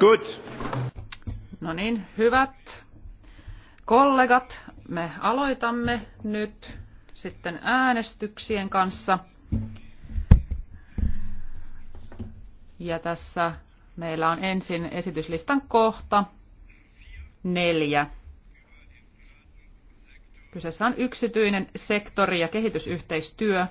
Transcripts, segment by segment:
Good. No niin, hyvät kollegat, me aloitamme nyt sitten äänestyksien kanssa. Ja tässä meillä on ensin esityslistan kohta neljä. Kyseessä on yksityinen sektori ja kehitysyhteistyö.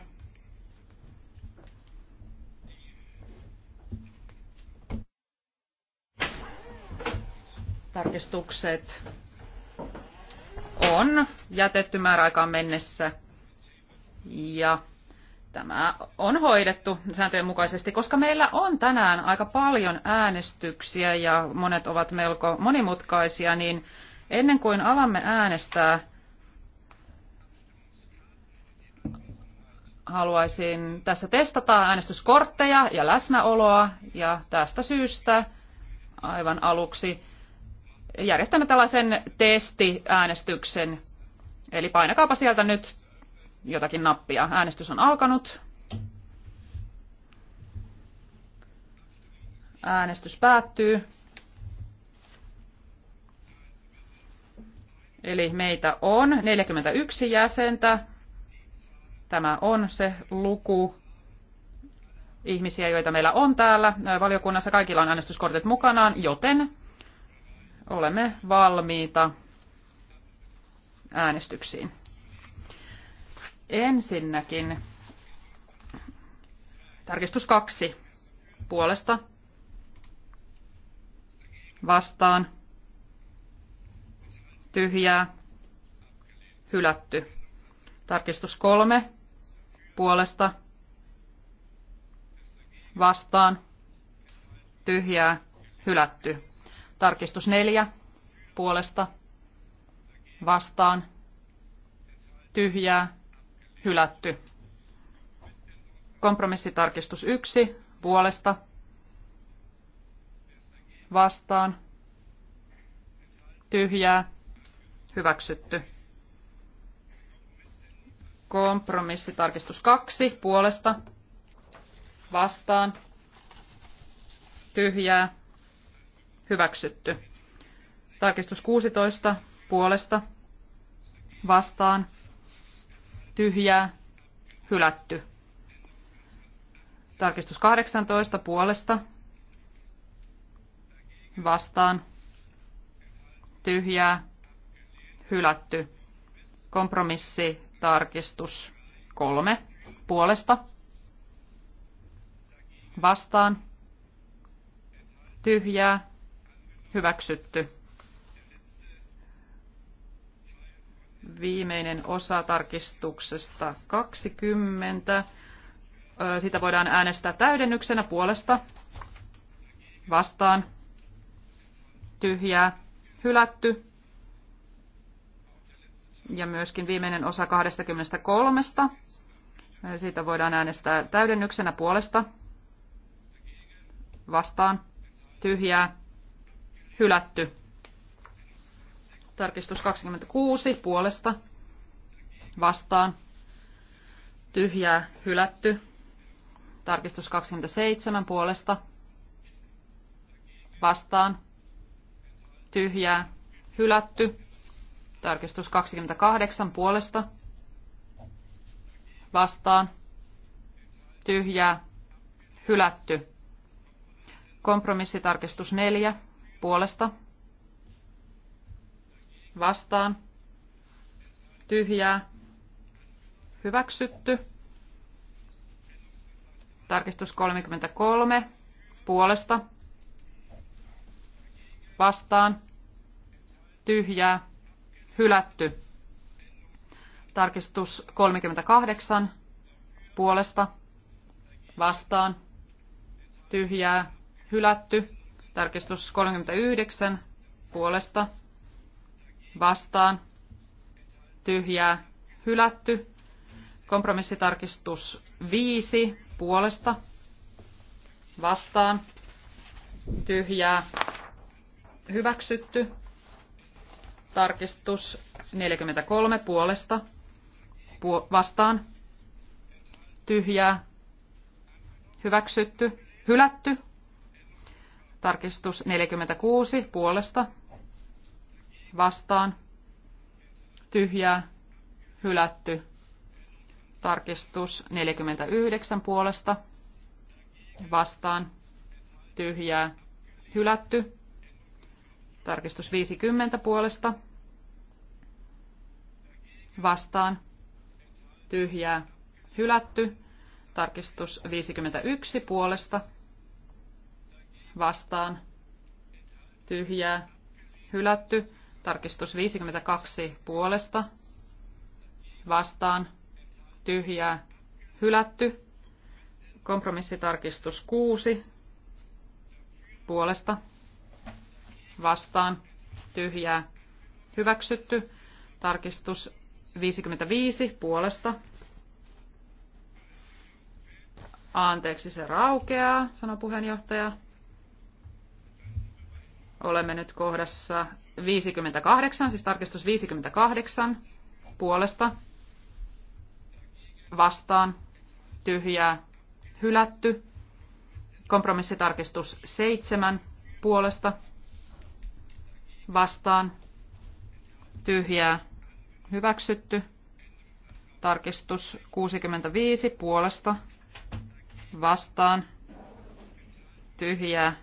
tarkistukset on jätetty määräaikaan mennessä ja tämä on hoidettu sääntöjen mukaisesti, koska meillä on tänään aika paljon äänestyksiä ja monet ovat melko monimutkaisia, niin ennen kuin alamme äänestää, haluaisin tässä testata äänestyskortteja ja läsnäoloa ja tästä syystä aivan aluksi järjestämme tällaisen testiäänestyksen. Eli painakaapa sieltä nyt jotakin nappia. Äänestys on alkanut. Äänestys päättyy. Eli meitä on 41 jäsentä. Tämä on se luku ihmisiä, joita meillä on täällä. Valiokunnassa kaikilla on äänestyskortit mukanaan, joten olemme valmiita äänestyksiin. Ensinnäkin tarkistus kaksi puolesta vastaan tyhjää hylätty. Tarkistus kolme puolesta vastaan tyhjää hylätty. Tarkistus neljä puolesta vastaan tyhjää hylätty. Kompromissitarkistus yksi puolesta vastaan tyhjää hyväksytty. Kompromissitarkistus kaksi puolesta vastaan tyhjää hyväksytty. Tarkistus 16 puolesta vastaan tyhjää hylätty. Tarkistus 18 puolesta vastaan tyhjää hylätty. Kompromissi tarkistus 3 puolesta vastaan tyhjää Hyväksytty. Viimeinen osa tarkistuksesta 20. Sitä voidaan äänestää täydennyksenä puolesta. Vastaan. Tyhjää. Hylätty. Ja myöskin viimeinen osa 23. Siitä voidaan äänestää täydennyksenä puolesta. Vastaan. Tyhjää hylätty. Tarkistus 26 puolesta vastaan tyhjää hylätty. Tarkistus 27 puolesta vastaan tyhjää hylätty. Tarkistus 28 puolesta vastaan tyhjää hylätty. Kompromissitarkistus 4 puolesta vastaan tyhjää hyväksytty. Tarkistus 33 puolesta vastaan tyhjää hylätty. Tarkistus 38 puolesta vastaan tyhjää hylätty. Tarkistus 39 puolesta vastaan tyhjää hylätty. Kompromissitarkistus 5 puolesta vastaan tyhjää hyväksytty. Tarkistus 43 puolesta puo- vastaan tyhjää hyväksytty, hylätty. Tarkistus 46 puolesta vastaan tyhjää hylätty. Tarkistus 49 puolesta vastaan tyhjää hylätty. Tarkistus 50 puolesta vastaan tyhjää hylätty. Tarkistus 51 puolesta vastaan tyhjää hylätty. Tarkistus 52 puolesta vastaan tyhjää hylätty. Kompromissitarkistus 6 puolesta vastaan tyhjää hyväksytty. Tarkistus 55 puolesta Anteeksi, se raukeaa, sanoi puheenjohtaja. Olemme nyt kohdassa 58, siis tarkistus 58 puolesta vastaan tyhjää hylätty. Kompromissitarkistus 7 puolesta vastaan tyhjää hyväksytty. Tarkistus 65 puolesta vastaan tyhjää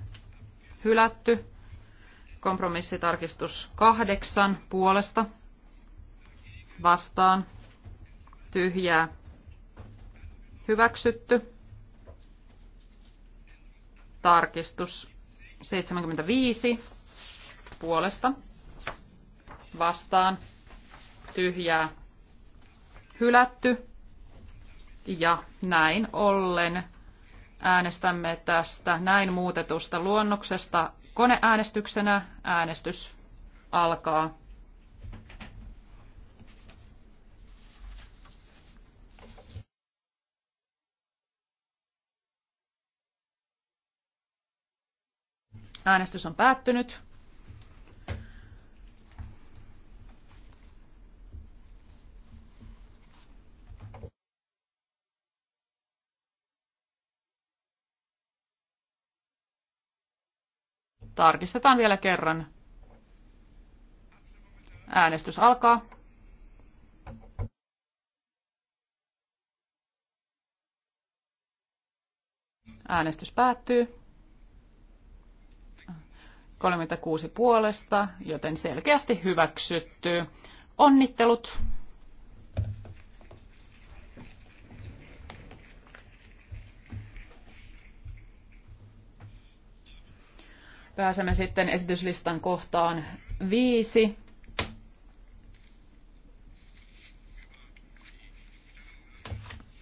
hylätty Kompromissitarkistus kahdeksan puolesta vastaan tyhjää hyväksytty. Tarkistus 75 puolesta vastaan tyhjää hylätty. Ja näin ollen äänestämme tästä näin muutetusta luonnoksesta Koneäänestyksenä äänestys alkaa. Äänestys on päättynyt. Tarkistetaan vielä kerran. Äänestys alkaa. Äänestys päättyy. 36 puolesta, joten selkeästi hyväksytty. Onnittelut! Pääsemme sitten esityslistan kohtaan viisi.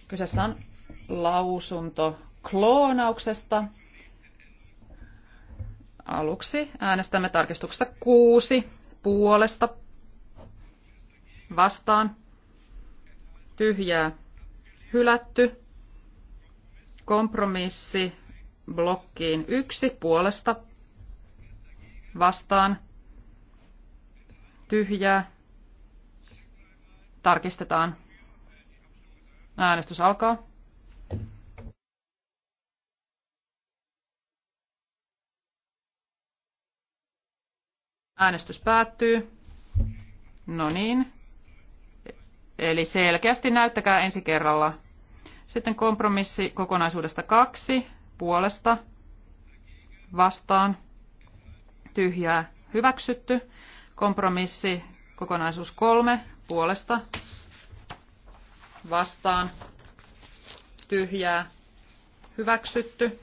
Kyseessä on lausunto kloonauksesta. Aluksi äänestämme tarkistuksesta kuusi puolesta vastaan tyhjää hylätty kompromissi blokkiin yksi puolesta vastaan, tyhjää, tarkistetaan. Äänestys alkaa. Äänestys päättyy. No niin. Eli selkeästi näyttäkää ensi kerralla. Sitten kompromissi kokonaisuudesta kaksi puolesta vastaan tyhjää hyväksytty. Kompromissi kokonaisuus kolme puolesta vastaan tyhjää hyväksytty.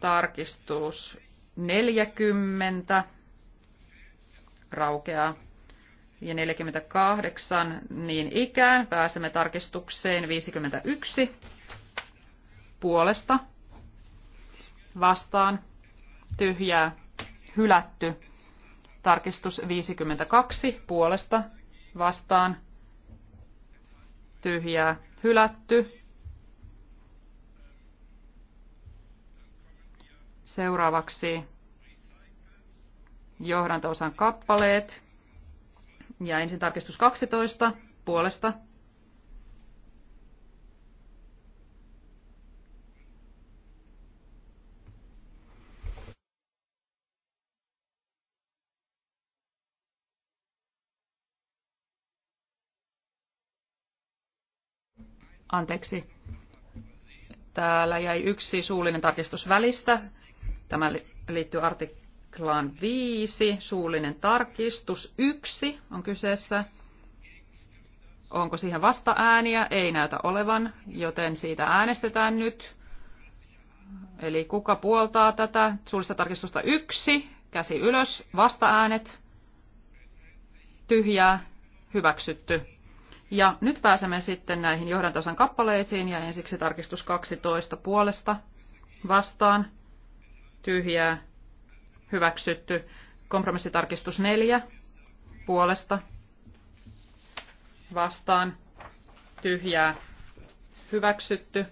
Tarkistus 40 raukeaa ja 48 niin ikään. Pääsemme tarkistukseen 51 puolesta vastaan tyhjää, hylätty. Tarkistus 52 puolesta vastaan tyhjää, hylätty. Seuraavaksi johdanto kappaleet. Ja ensin tarkistus 12 puolesta Anteeksi. Täällä jäi yksi suullinen tarkistus välistä. Tämä liittyy artiklaan 5. Suullinen tarkistus 1 on kyseessä. Onko siihen vasta ääniä? Ei näytä olevan, joten siitä äänestetään nyt. Eli kuka puoltaa tätä? Suullista tarkistusta yksi, käsi ylös, vasta-äänet, tyhjää, hyväksytty. Ja nyt pääsemme sitten näihin johdantosan kappaleisiin ja ensiksi tarkistus 12 puolesta vastaan tyhjää hyväksytty. Kompromissitarkistus 4 puolesta vastaan tyhjää hyväksytty.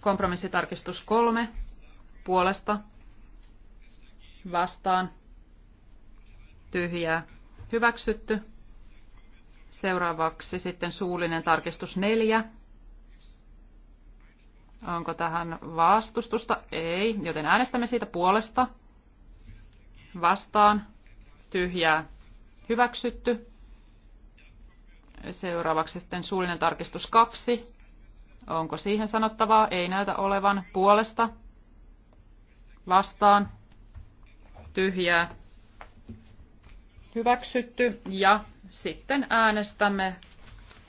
Kompromissitarkistus 3 puolesta vastaan tyhjää hyväksytty. Seuraavaksi sitten suullinen tarkistus neljä. Onko tähän vastustusta? Ei, joten äänestämme siitä puolesta. Vastaan. Tyhjää. Hyväksytty. Seuraavaksi sitten suullinen tarkistus kaksi. Onko siihen sanottavaa? Ei näytä olevan. Puolesta. Vastaan. Tyhjää hyväksytty ja sitten äänestämme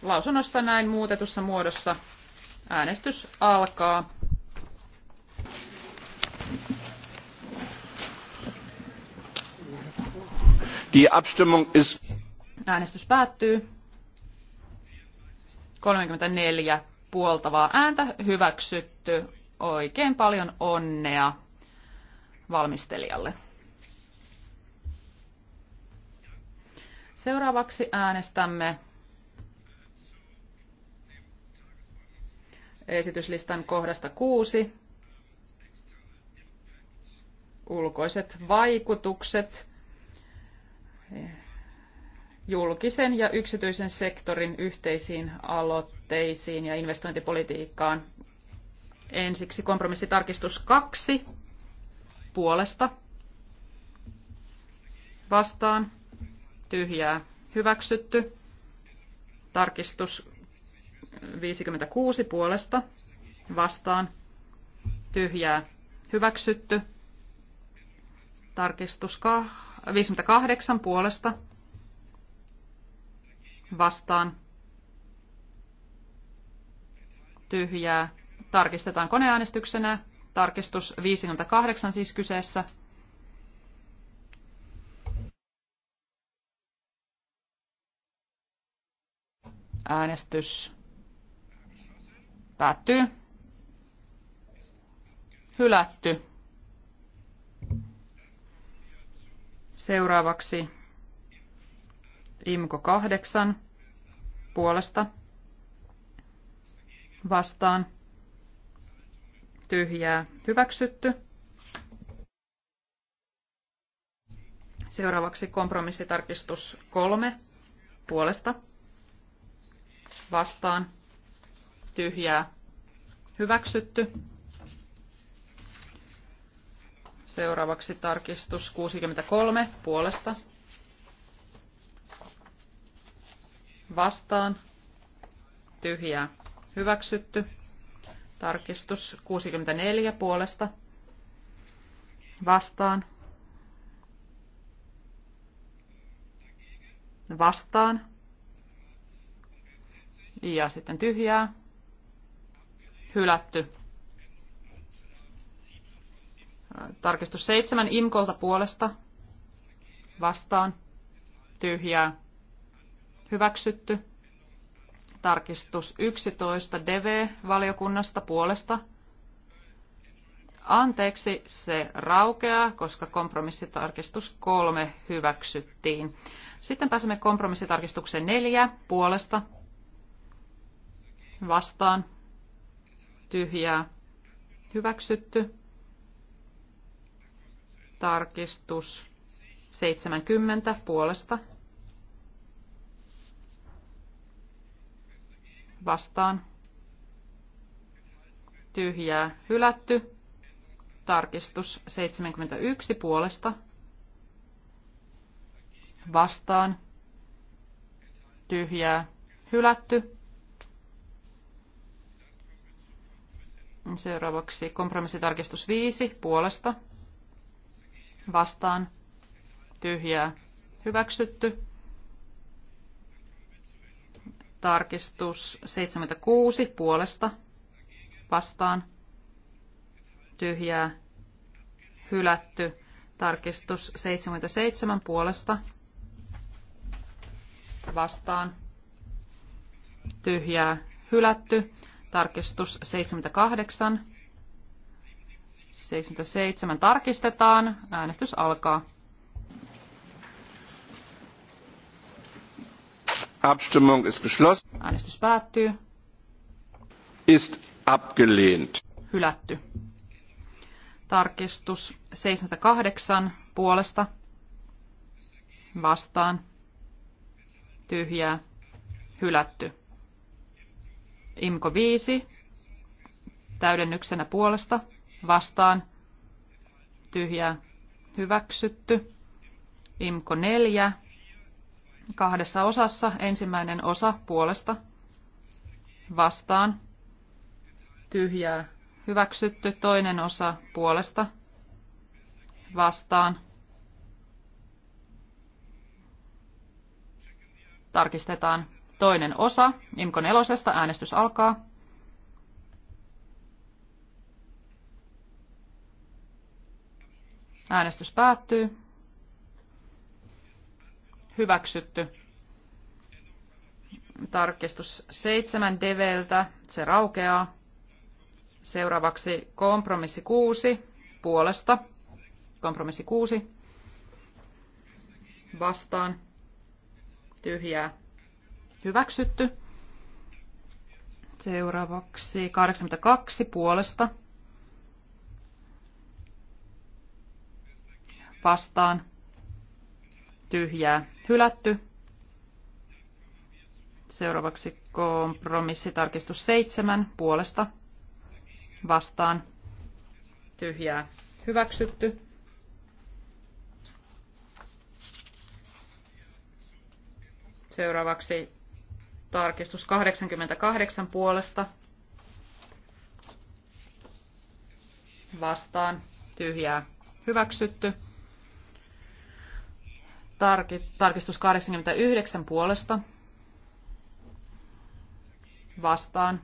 lausunnosta näin muutetussa muodossa. Äänestys alkaa. Die Abstimmung ist Äänestys päättyy. 34 puoltavaa ääntä hyväksytty. Oikein paljon onnea valmistelijalle. Seuraavaksi äänestämme esityslistan kohdasta kuusi. Ulkoiset vaikutukset julkisen ja yksityisen sektorin yhteisiin aloitteisiin ja investointipolitiikkaan. Ensiksi kompromissitarkistus kaksi puolesta vastaan tyhjää hyväksytty. Tarkistus 56 puolesta vastaan tyhjää hyväksytty. Tarkistus 58 puolesta vastaan tyhjää. Tarkistetaan koneäänestyksenä. Tarkistus 58 siis kyseessä. Äänestys päättyy. Hylätty. Seuraavaksi Imko 8 puolesta vastaan tyhjää hyväksytty. Seuraavaksi kompromissitarkistus 3 puolesta vastaan tyhjää hyväksytty. Seuraavaksi tarkistus 63 puolesta vastaan tyhjää hyväksytty. Tarkistus 64 puolesta vastaan vastaan ja sitten tyhjää. Hylätty. Tarkistus seitsemän Imkolta puolesta. Vastaan. Tyhjää. Hyväksytty. Tarkistus 11 DV-valiokunnasta puolesta. Anteeksi, se raukeaa, koska kompromissitarkistus 3 hyväksyttiin. Sitten pääsemme kompromissitarkistukseen 4 puolesta vastaan, tyhjää, hyväksytty. Tarkistus 70 puolesta, vastaan, tyhjää, hylätty. Tarkistus 71 puolesta, vastaan, tyhjää, hylätty Seuraavaksi kompromissitarkistus 5 puolesta. Vastaan. Tyhjää. Hyväksytty. Tarkistus 76 puolesta. Vastaan. Tyhjää. Hylätty. Tarkistus 77 puolesta. Vastaan. Tyhjää. Hylätty. Tarkistus 78. 77 tarkistetaan. Äänestys alkaa. Abstimmung ist geschlossen. Äänestys päättyy. Ist abgelehnt. Hylätty. Tarkistus 78 puolesta. Vastaan. Tyhjää. Hylätty. Imko 5 täydennyksenä puolesta vastaan tyhjää hyväksytty. Imko 4 kahdessa osassa ensimmäinen osa puolesta vastaan tyhjää hyväksytty toinen osa puolesta vastaan tarkistetaan Toinen osa Imkon elosesta. Äänestys alkaa. Äänestys päättyy. Hyväksytty. Tarkistus 7 Develtä. Se raukeaa. Seuraavaksi kompromissi 6 puolesta. Kompromissi 6 vastaan. Tyhjää Hyväksytty. Seuraavaksi 82 puolesta. Vastaan. Tyhjää. Hylätty. Seuraavaksi kompromissitarkistus 7 puolesta. Vastaan. Tyhjää. Hyväksytty. Seuraavaksi Tarkistus 88 puolesta. Vastaan. Tyhjää. Hyväksytty. Tarkistus 89 puolesta. Vastaan.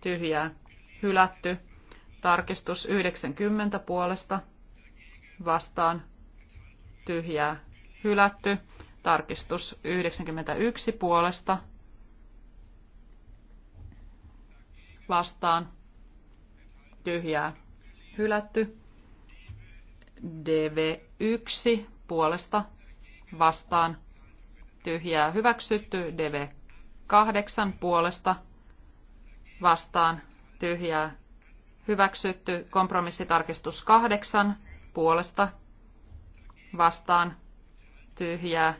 Tyhjää. Hylätty. Tarkistus 90 puolesta. Vastaan. Tyhjää. Hylätty. Tarkistus 91 puolesta vastaan tyhjää hylätty. DV1 puolesta vastaan tyhjää hyväksytty. DV8 puolesta vastaan tyhjää hyväksytty. Kompromissitarkistus 8 puolesta vastaan tyhjää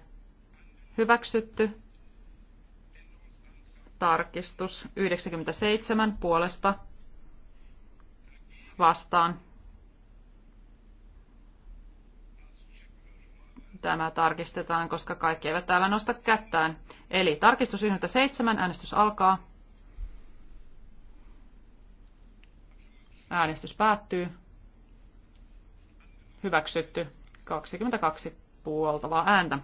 hyväksytty. Tarkistus 97 puolesta vastaan. Tämä tarkistetaan, koska kaikki eivät täällä nosta kättään. Eli tarkistus 97, äänestys alkaa. Äänestys päättyy. Hyväksytty. 22 puoltavaa ääntä.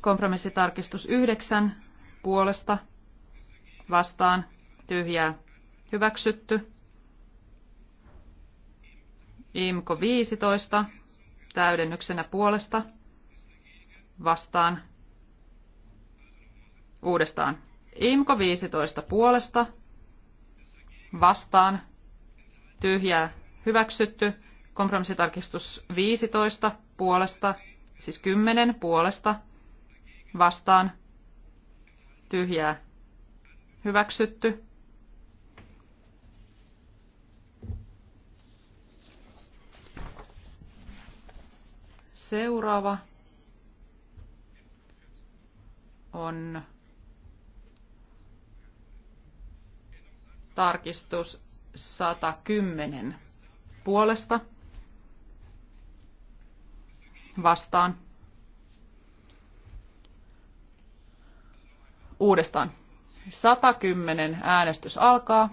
Kompromissitarkistus 9 puolesta vastaan tyhjää hyväksytty. IMKO 15 täydennyksenä puolesta vastaan uudestaan. IMKO 15 puolesta vastaan tyhjää hyväksytty. Kompromissitarkistus 15 puolesta, siis 10 puolesta vastaan tyhjää hyväksytty. Seuraava on tarkistus 110 puolesta vastaan Uudestaan. 110 äänestys alkaa.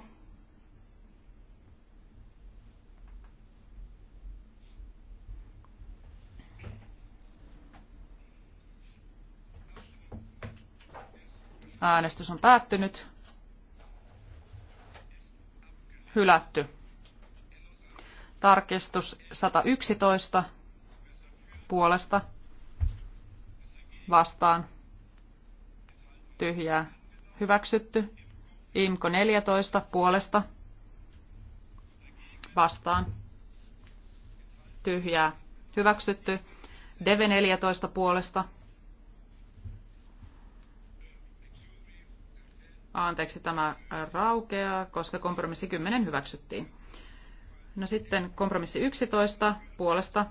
Äänestys on päättynyt. Hylätty. Tarkistus 111 puolesta vastaan tyhjää hyväksytty. Imko 14 puolesta vastaan tyhjää hyväksytty. Deve 14 puolesta anteeksi, tämä raukeaa, koska kompromissi 10 hyväksyttiin. No sitten kompromissi 11 puolesta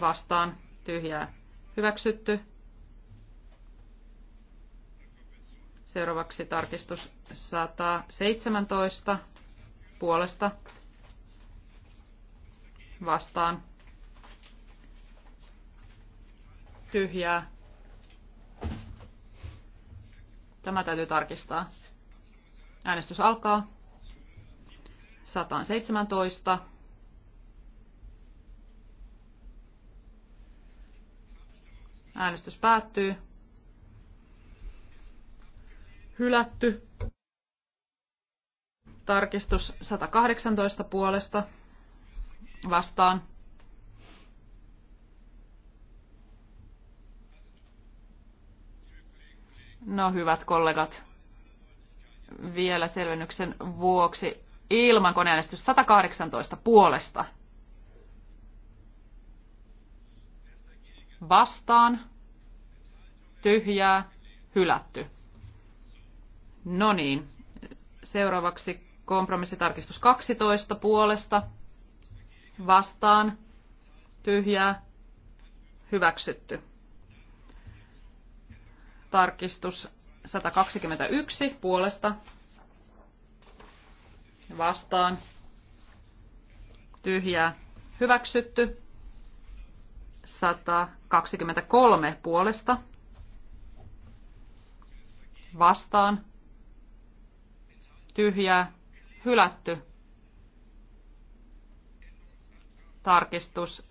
vastaan tyhjää hyväksytty. Seuraavaksi tarkistus 117 puolesta vastaan. Tyhjää. Tämä täytyy tarkistaa. Äänestys alkaa. 117. Äänestys päättyy. Hylätty. Tarkistus 118 puolesta vastaan. No hyvät kollegat, vielä selvennyksen vuoksi ilman koneäänestys 118 puolesta. Vastaan. Tyhjää. Hylätty. No niin, seuraavaksi kompromissitarkistus 12 puolesta vastaan tyhjää hyväksytty. Tarkistus 121 puolesta vastaan tyhjää hyväksytty. 123 puolesta vastaan tyhjää, hylätty. Tarkistus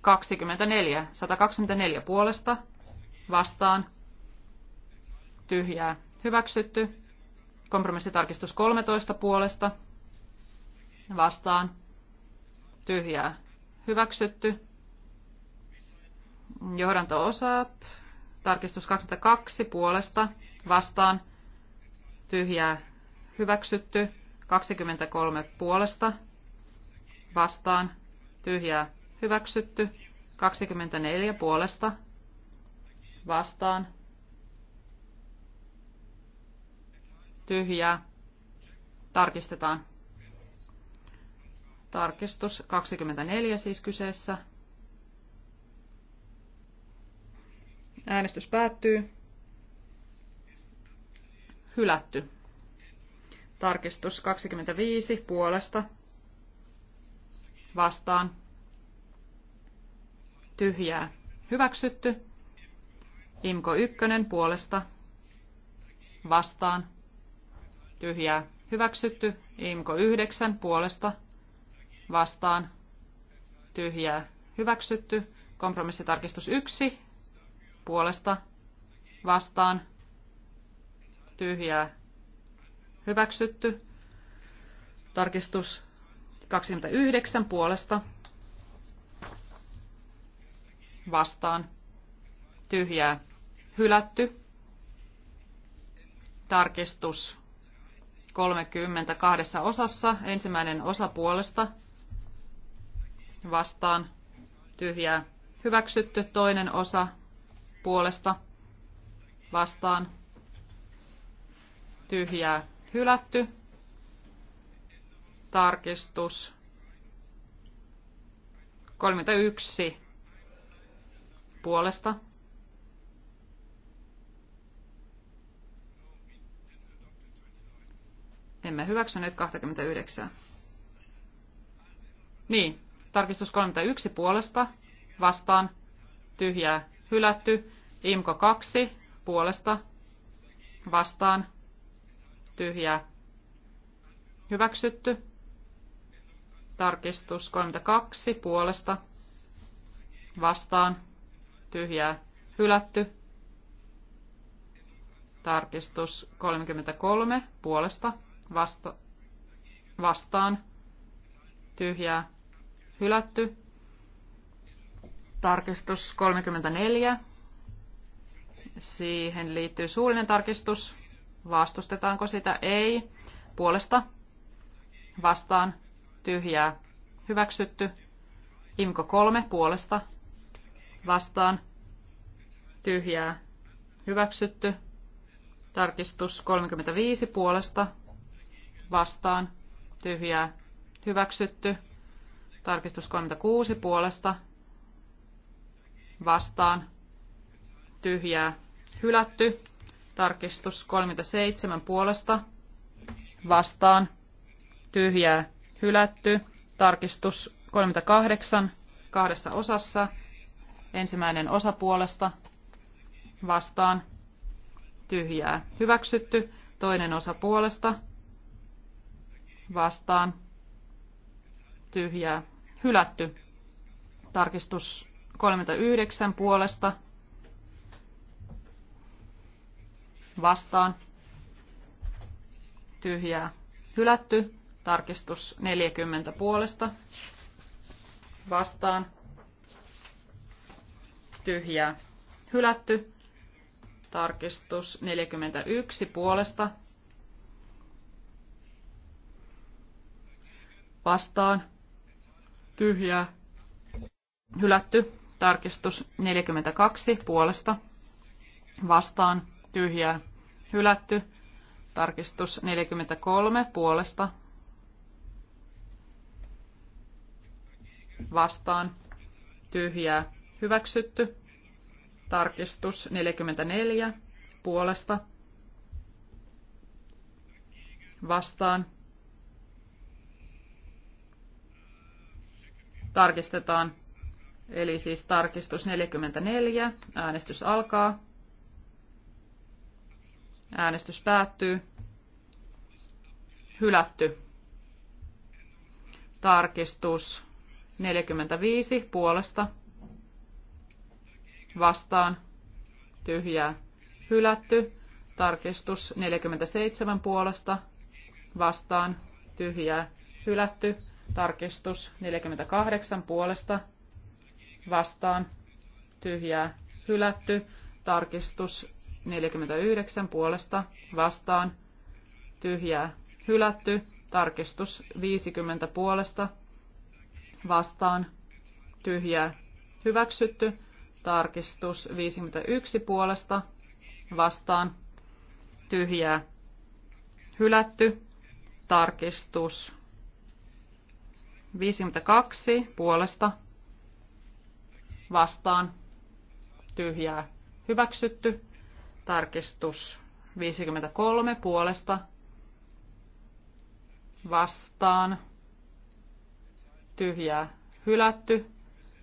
24, 124 puolesta vastaan tyhjää hyväksytty. Kompromissitarkistus 13 puolesta vastaan tyhjää hyväksytty. Johdanto-osat Tarkistus 22 puolesta vastaan tyhjää hyväksytty. 23 puolesta vastaan tyhjää hyväksytty. 24 puolesta vastaan tyhjää tarkistetaan. Tarkistus 24 siis kyseessä. Äänestys päättyy. Hylätty. Tarkistus 25 puolesta. Vastaan. Tyhjää. Hyväksytty. Imko 1 puolesta. Vastaan. Tyhjää. Hyväksytty. Imko 9 puolesta. Vastaan. Tyhjää. Hyväksytty. Kompromissitarkistus 1 puolesta vastaan tyhjää hyväksytty. Tarkistus 29 puolesta vastaan tyhjää hylätty. Tarkistus 32 osassa. Ensimmäinen osa puolesta vastaan tyhjää hyväksytty. Toinen osa puolesta vastaan tyhjää hylätty. Tarkistus 31 puolesta Emme hyväksyneet 29. Niin, tarkistus 31 puolesta vastaan tyhjää hylätty. Imko 2 puolesta vastaan tyhjä, hyväksytty. Tarkistus 32 puolesta vastaan tyhjää hylätty. Tarkistus 33 puolesta vasta, vastaan tyhjää hylätty. Tarkistus 34. Siihen liittyy suullinen tarkistus. Vastustetaanko sitä? Ei. Puolesta. Vastaan. Tyhjää. Hyväksytty. Imko 3. Puolesta. Vastaan. Tyhjää. Hyväksytty. Tarkistus 35. Puolesta. Vastaan. Tyhjää. Hyväksytty. Tarkistus 36. Puolesta vastaan tyhjää hylätty. Tarkistus 37 puolesta vastaan tyhjää hylätty. Tarkistus 38 kahdessa osassa. Ensimmäinen osa puolesta vastaan tyhjää hyväksytty. Toinen osa puolesta vastaan tyhjää hylätty. Tarkistus 39 puolesta vastaan tyhjää hylätty. Tarkistus 40 puolesta vastaan tyhjää hylätty. Tarkistus 41 puolesta vastaan tyhjää hylätty. Tarkistus 42 puolesta vastaan tyhjää hylätty. Tarkistus 43 puolesta vastaan tyhjää hyväksytty. Tarkistus 44 puolesta vastaan tarkistetaan Eli siis tarkistus 44. Äänestys alkaa. Äänestys päättyy. Hylätty. Tarkistus 45 puolesta. Vastaan. Tyhjää. Hylätty. Tarkistus 47 puolesta. Vastaan. Tyhjää. Hylätty. Tarkistus 48 puolesta vastaan tyhjää hylätty. Tarkistus 49 puolesta vastaan tyhjää hylätty. Tarkistus 50 puolesta vastaan tyhjää hyväksytty. Tarkistus 51 puolesta vastaan tyhjää hylätty. Tarkistus 52 puolesta vastaan, tyhjää, hyväksytty. Tarkistus 53 puolesta, vastaan, tyhjää, hylätty.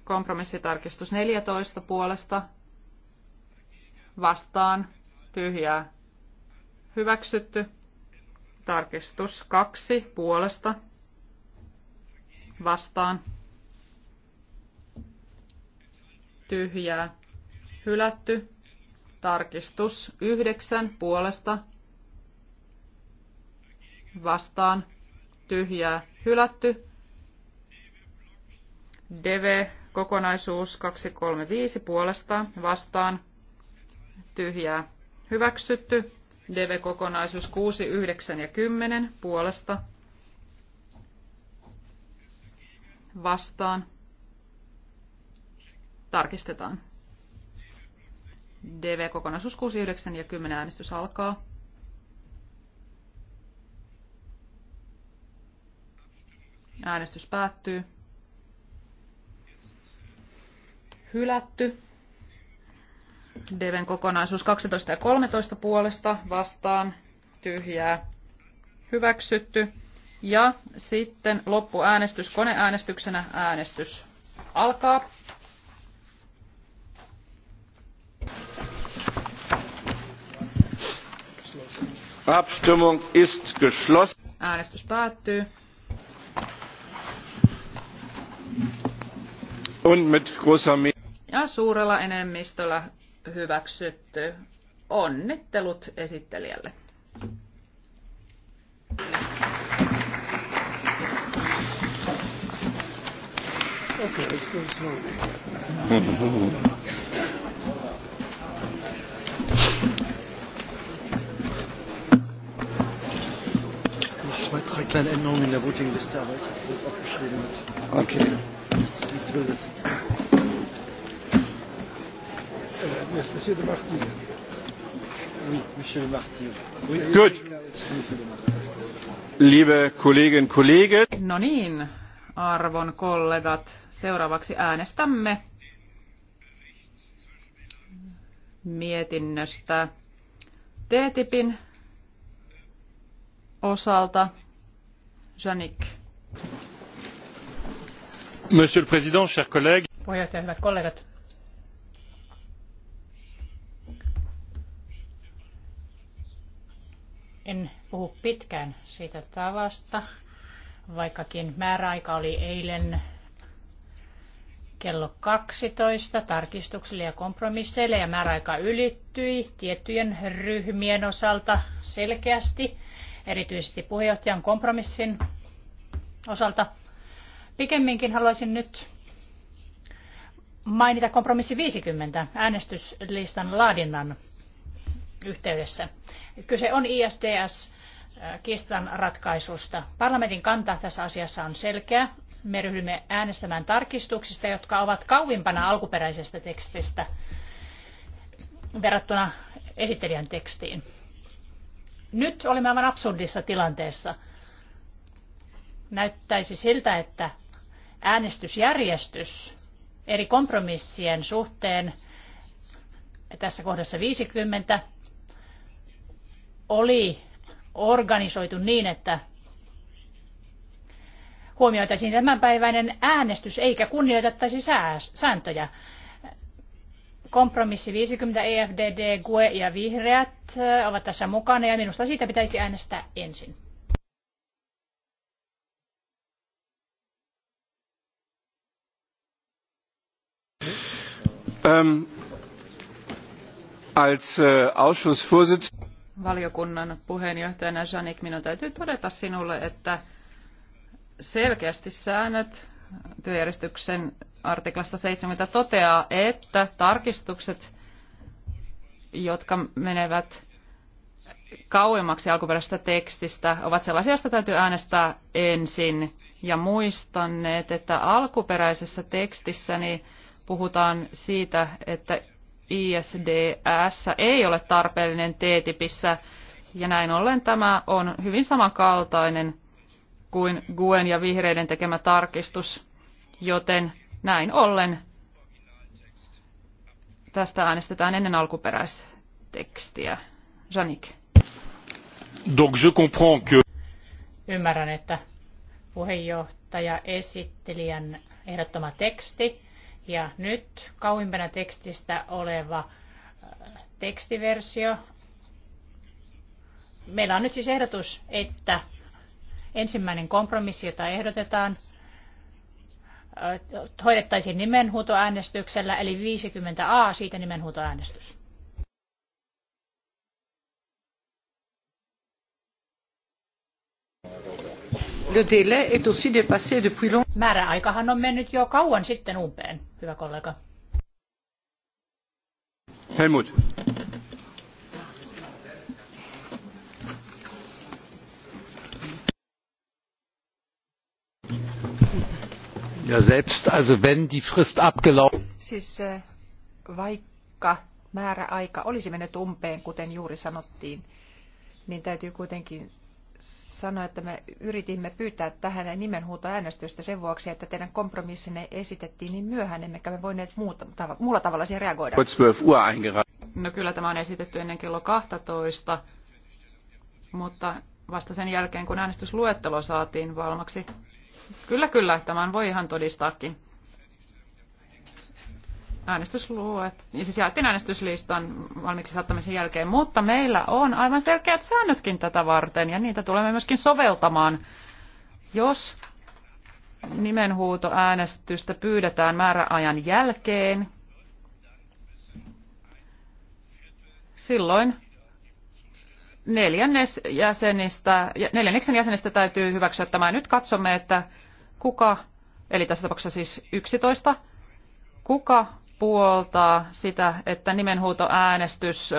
Kompromissitarkistus 14 puolesta, vastaan, tyhjää, hyväksytty. Tarkistus 2 puolesta, vastaan, tyhjää, hylätty. Tarkistus yhdeksän puolesta vastaan tyhjää, hylätty. DV kokonaisuus 235 puolesta vastaan tyhjää, hyväksytty. DV kokonaisuus 6, 9 ja 10 puolesta vastaan Tarkistetaan. DV-kokonaisuus 69 ja 10 äänestys alkaa. Äänestys päättyy. Hylätty. Deven kokonaisuus 12 ja 13 puolesta vastaan tyhjää hyväksytty. Ja sitten loppuäänestys koneäänestyksenä äänestys alkaa. Abstimmung ist geschlossen. Äänestys päättyy. Und mit großer ja suurella enemmistöllä hyväksytty. Onnittelut esittelijälle. Okay, let's go slowly. zwei, kleine Änderungen in der Votingliste, es aufgeschrieben. okay. Nichts, nichts Wildes. Äh, Monsieur de Martin. Oui, Monsieur de Martin. Oui, Gut. Liebe Kolleginnen und Kollegen. No niin, arvon kollegat, seuraavaksi äänestämme mietinnöstä TTIPin osalta Monsieur le Président, chers collègues. En puhu pitkään siitä tavasta, vaikkakin määräaika oli eilen kello kaksitoista tarkistuksille ja kompromisseille ja määräaika ylittyi tiettyjen ryhmien osalta selkeästi erityisesti puheenjohtajan kompromissin osalta. Pikemminkin haluaisin nyt mainita kompromissi 50 äänestyslistan laadinnan yhteydessä. Kyse on ISDS äh, kiistan ratkaisusta. Parlamentin kanta tässä asiassa on selkeä. Me ryhdymme äänestämään tarkistuksista, jotka ovat kauimpana alkuperäisestä tekstistä verrattuna esittelijän tekstiin. Nyt olemme aivan absurdissa tilanteessa. Näyttäisi siltä, että äänestysjärjestys eri kompromissien suhteen tässä kohdassa 50 oli organisoitu niin, että huomioitaisiin tämänpäiväinen äänestys eikä kunnioitettaisi sääntöjä. Kompromissi 50, EFDD, GUE ja Vihreät ovat tässä mukana ja minusta siitä pitäisi äänestää ensin. Ähm, als äh, valiokunnan puheenjohtajana Janik, minun täytyy todeta sinulle, että selkeästi säännöt työjärjestyksen artiklasta 70 toteaa, että tarkistukset, jotka menevät kauemmaksi alkuperäisestä tekstistä, ovat sellaisia, joista täytyy äänestää ensin. Ja muistanneet, että alkuperäisessä tekstissäni puhutaan siitä, että ISDS ei ole tarpeellinen T-tipissä. ja näin ollen tämä on hyvin samankaltainen kuin Guen ja vihreiden tekemä tarkistus, joten näin ollen tästä äänestetään ennen alkuperäistekstiä. Janik. Donc je comprends que... Ymmärrän, että puheenjohtaja esittelijän ehdottoma teksti ja nyt kauimpana tekstistä oleva äh, tekstiversio. Meillä on nyt siis ehdotus, että ensimmäinen kompromissi, jota ehdotetaan, hoidettaisiin nimenhuutoäänestyksellä, eli 50a, siitä nimenhuutoäänestys. Le délai est aussi dépassé depuis long... Määräaikahan on mennyt jo kauan sitten umpeen, hyvä kollega. Helmut. selbst, wenn die Frist abgelaufen... Siis, äh, vaikka määräaika olisi mennyt umpeen, kuten juuri sanottiin, niin täytyy kuitenkin sanoa, että me yritimme pyytää tähän nimenhuutoäänestystä sen vuoksi, että teidän kompromissinne esitettiin niin myöhään, emmekä me voineet muuta, muulla tavalla siihen reagoida. No kyllä tämä on esitetty ennen kello 12, mutta vasta sen jälkeen, kun äänestysluettelo saatiin valmaksi, Kyllä, kyllä, tämän voi ihan todistaakin. Äänestysluet, Niin siis jaettiin äänestyslistan valmiiksi saattamisen jälkeen, mutta meillä on aivan selkeät säännötkin tätä varten, ja niitä tulemme myöskin soveltamaan, jos nimenhuuto äänestystä pyydetään määräajan jälkeen, silloin neljännes jäsenistä, neljänneksen jäsenistä täytyy hyväksyä tämä. Nyt katsomme, että kuka, eli tässä tapauksessa siis 11, kuka puoltaa sitä, että nimenhuutoäänestys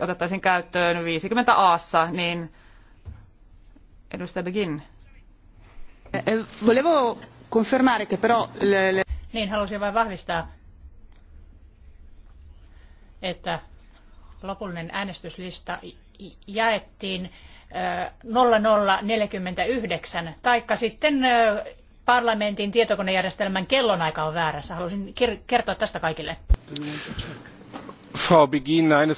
otettaisiin käyttöön 50 aassa, niin edustaja Begin. Eh, eh, volevo confermare che però... Niin, halusin vain vahvistaa, että lopullinen äänestyslista jaettiin 0049, taikka sitten parlamentin tietokonejärjestelmän kellonaika on väärässä. Haluaisin kertoa tästä kaikille. Frau Begin, nein,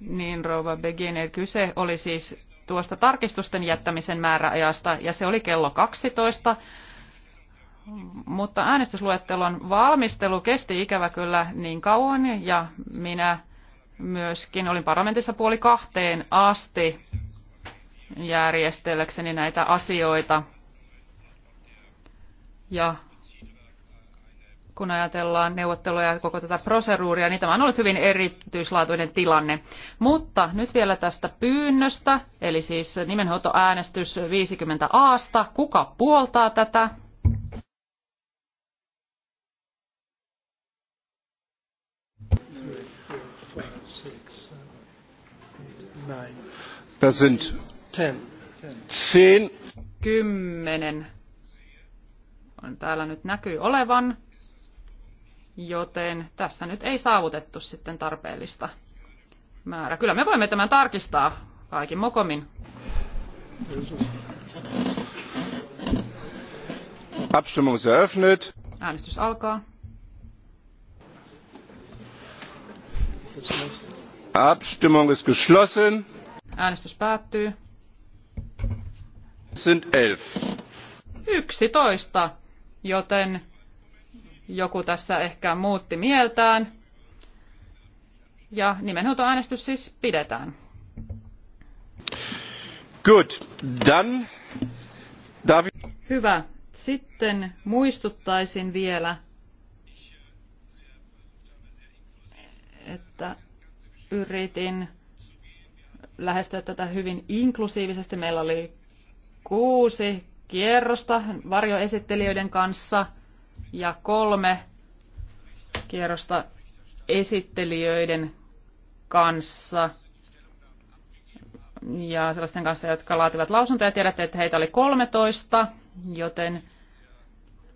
Niin, rouva Begin, kyse oli siis tuosta tarkistusten jättämisen määräajasta, ja se oli kello 12 mutta äänestysluettelon valmistelu kesti ikävä kyllä niin kauan ja minä myöskin. Olin parlamentissa puoli kahteen asti järjestelläkseni näitä asioita. Ja kun ajatellaan neuvotteluja ja koko tätä proseruuria, niin tämä on ollut hyvin erityislaatuinen tilanne. Mutta nyt vielä tästä pyynnöstä, eli siis nimenhoitoäänestys 50 aasta. Kuka puoltaa tätä? Das sind zehn. Kymmenen on täällä nyt näkyy olevan, joten tässä nyt ei saavutettu sitten tarpeellista määrää. Kyllä me voimme tämän tarkistaa kaikin mokomin. Abstimmung ist eröffnet. Äänestys alkaa. Abstimmung ist geschlossen. Äänestys päättyy. Sind elf. 11, joten joku tässä ehkä muutti mieltään. Ja nimenhuutoäänestys siis pidetään. Good. Dann darf... Hyvä. Sitten muistuttaisin vielä että yritin lähestyä tätä hyvin inklusiivisesti. Meillä oli kuusi kierrosta varjoesittelijöiden kanssa ja kolme kierrosta esittelijöiden kanssa ja sellaisten kanssa, jotka laativat lausuntoja. Tiedätte, että heitä oli 13, joten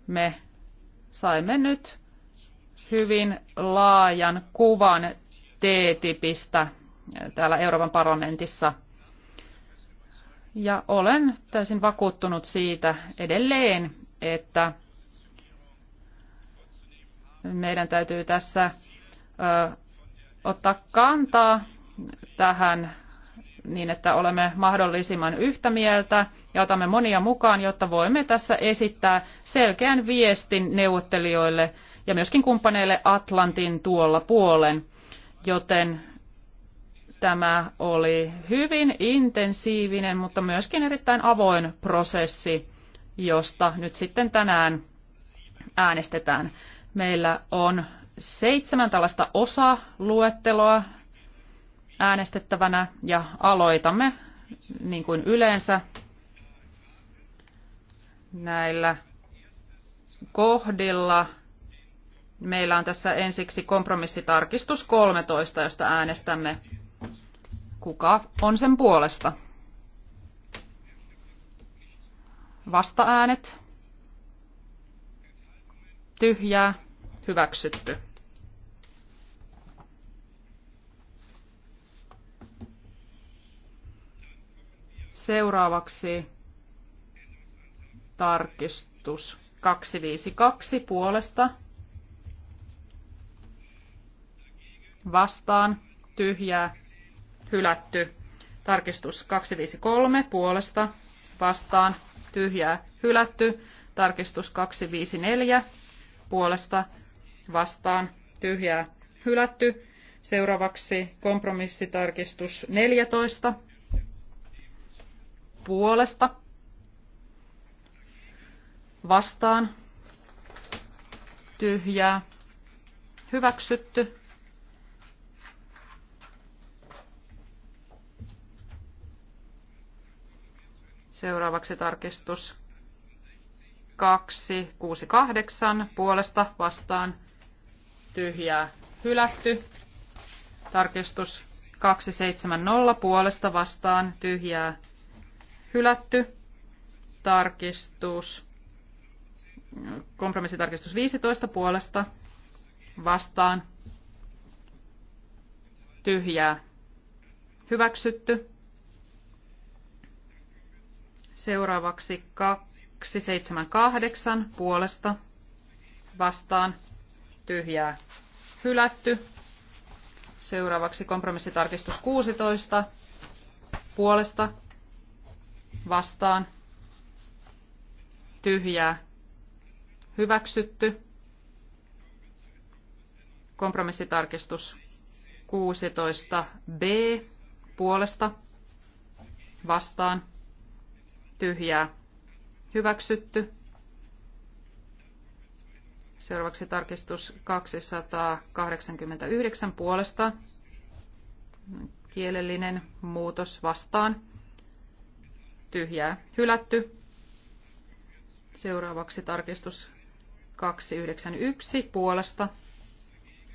me saimme nyt hyvin laajan kuvan T-tipistä täällä Euroopan parlamentissa. Ja olen täysin vakuuttunut siitä edelleen, että meidän täytyy tässä ö, ottaa kantaa tähän niin, että olemme mahdollisimman yhtä mieltä ja otamme monia mukaan, jotta voimme tässä esittää selkeän viestin neuvottelijoille ja myöskin kumppaneille Atlantin tuolla puolen, joten tämä oli hyvin intensiivinen, mutta myöskin erittäin avoin prosessi, josta nyt sitten tänään äänestetään. Meillä on seitsemän tällaista osaluetteloa äänestettävänä ja aloitamme niin kuin yleensä näillä kohdilla – Meillä on tässä ensiksi kompromissitarkistus 13, josta äänestämme. Kuka on sen puolesta? Vastaäänet. Tyhjää. Hyväksytty. Seuraavaksi tarkistus 252 puolesta vastaan, tyhjää, hylätty. Tarkistus 253 puolesta, vastaan, tyhjää, hylätty. Tarkistus 254 puolesta, vastaan, tyhjää, hylätty. Seuraavaksi kompromissitarkistus 14 puolesta, vastaan, tyhjää, hyväksytty. Seuraavaksi tarkistus 268 puolesta vastaan tyhjää hylätty. Tarkistus 270 puolesta vastaan tyhjää hylätty. Tarkistus kompromissitarkistus 15 puolesta vastaan tyhjää hyväksytty. Seuraavaksi 278 puolesta vastaan tyhjää hylätty. Seuraavaksi kompromissitarkistus 16 puolesta vastaan tyhjää hyväksytty. Kompromissitarkistus 16b puolesta vastaan tyhjää hyväksytty. Seuraavaksi tarkistus 289 puolesta. Kielellinen muutos vastaan. Tyhjää hylätty. Seuraavaksi tarkistus 291 puolesta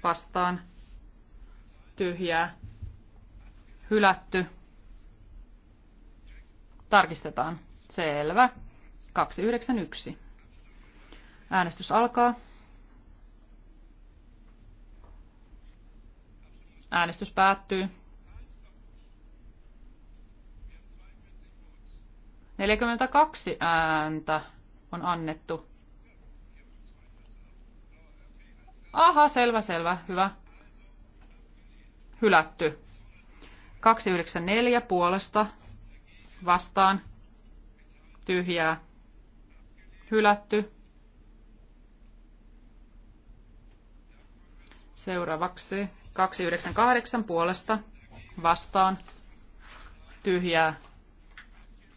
vastaan tyhjää hylätty. Tarkistetaan. Selvä. 291. Äänestys alkaa. Äänestys päättyy. 42 ääntä on annettu. Aha, selvä, selvä, hyvä. Hylätty. 294 puolesta vastaan tyhjää hylätty. Seuraavaksi 298 puolesta vastaan tyhjää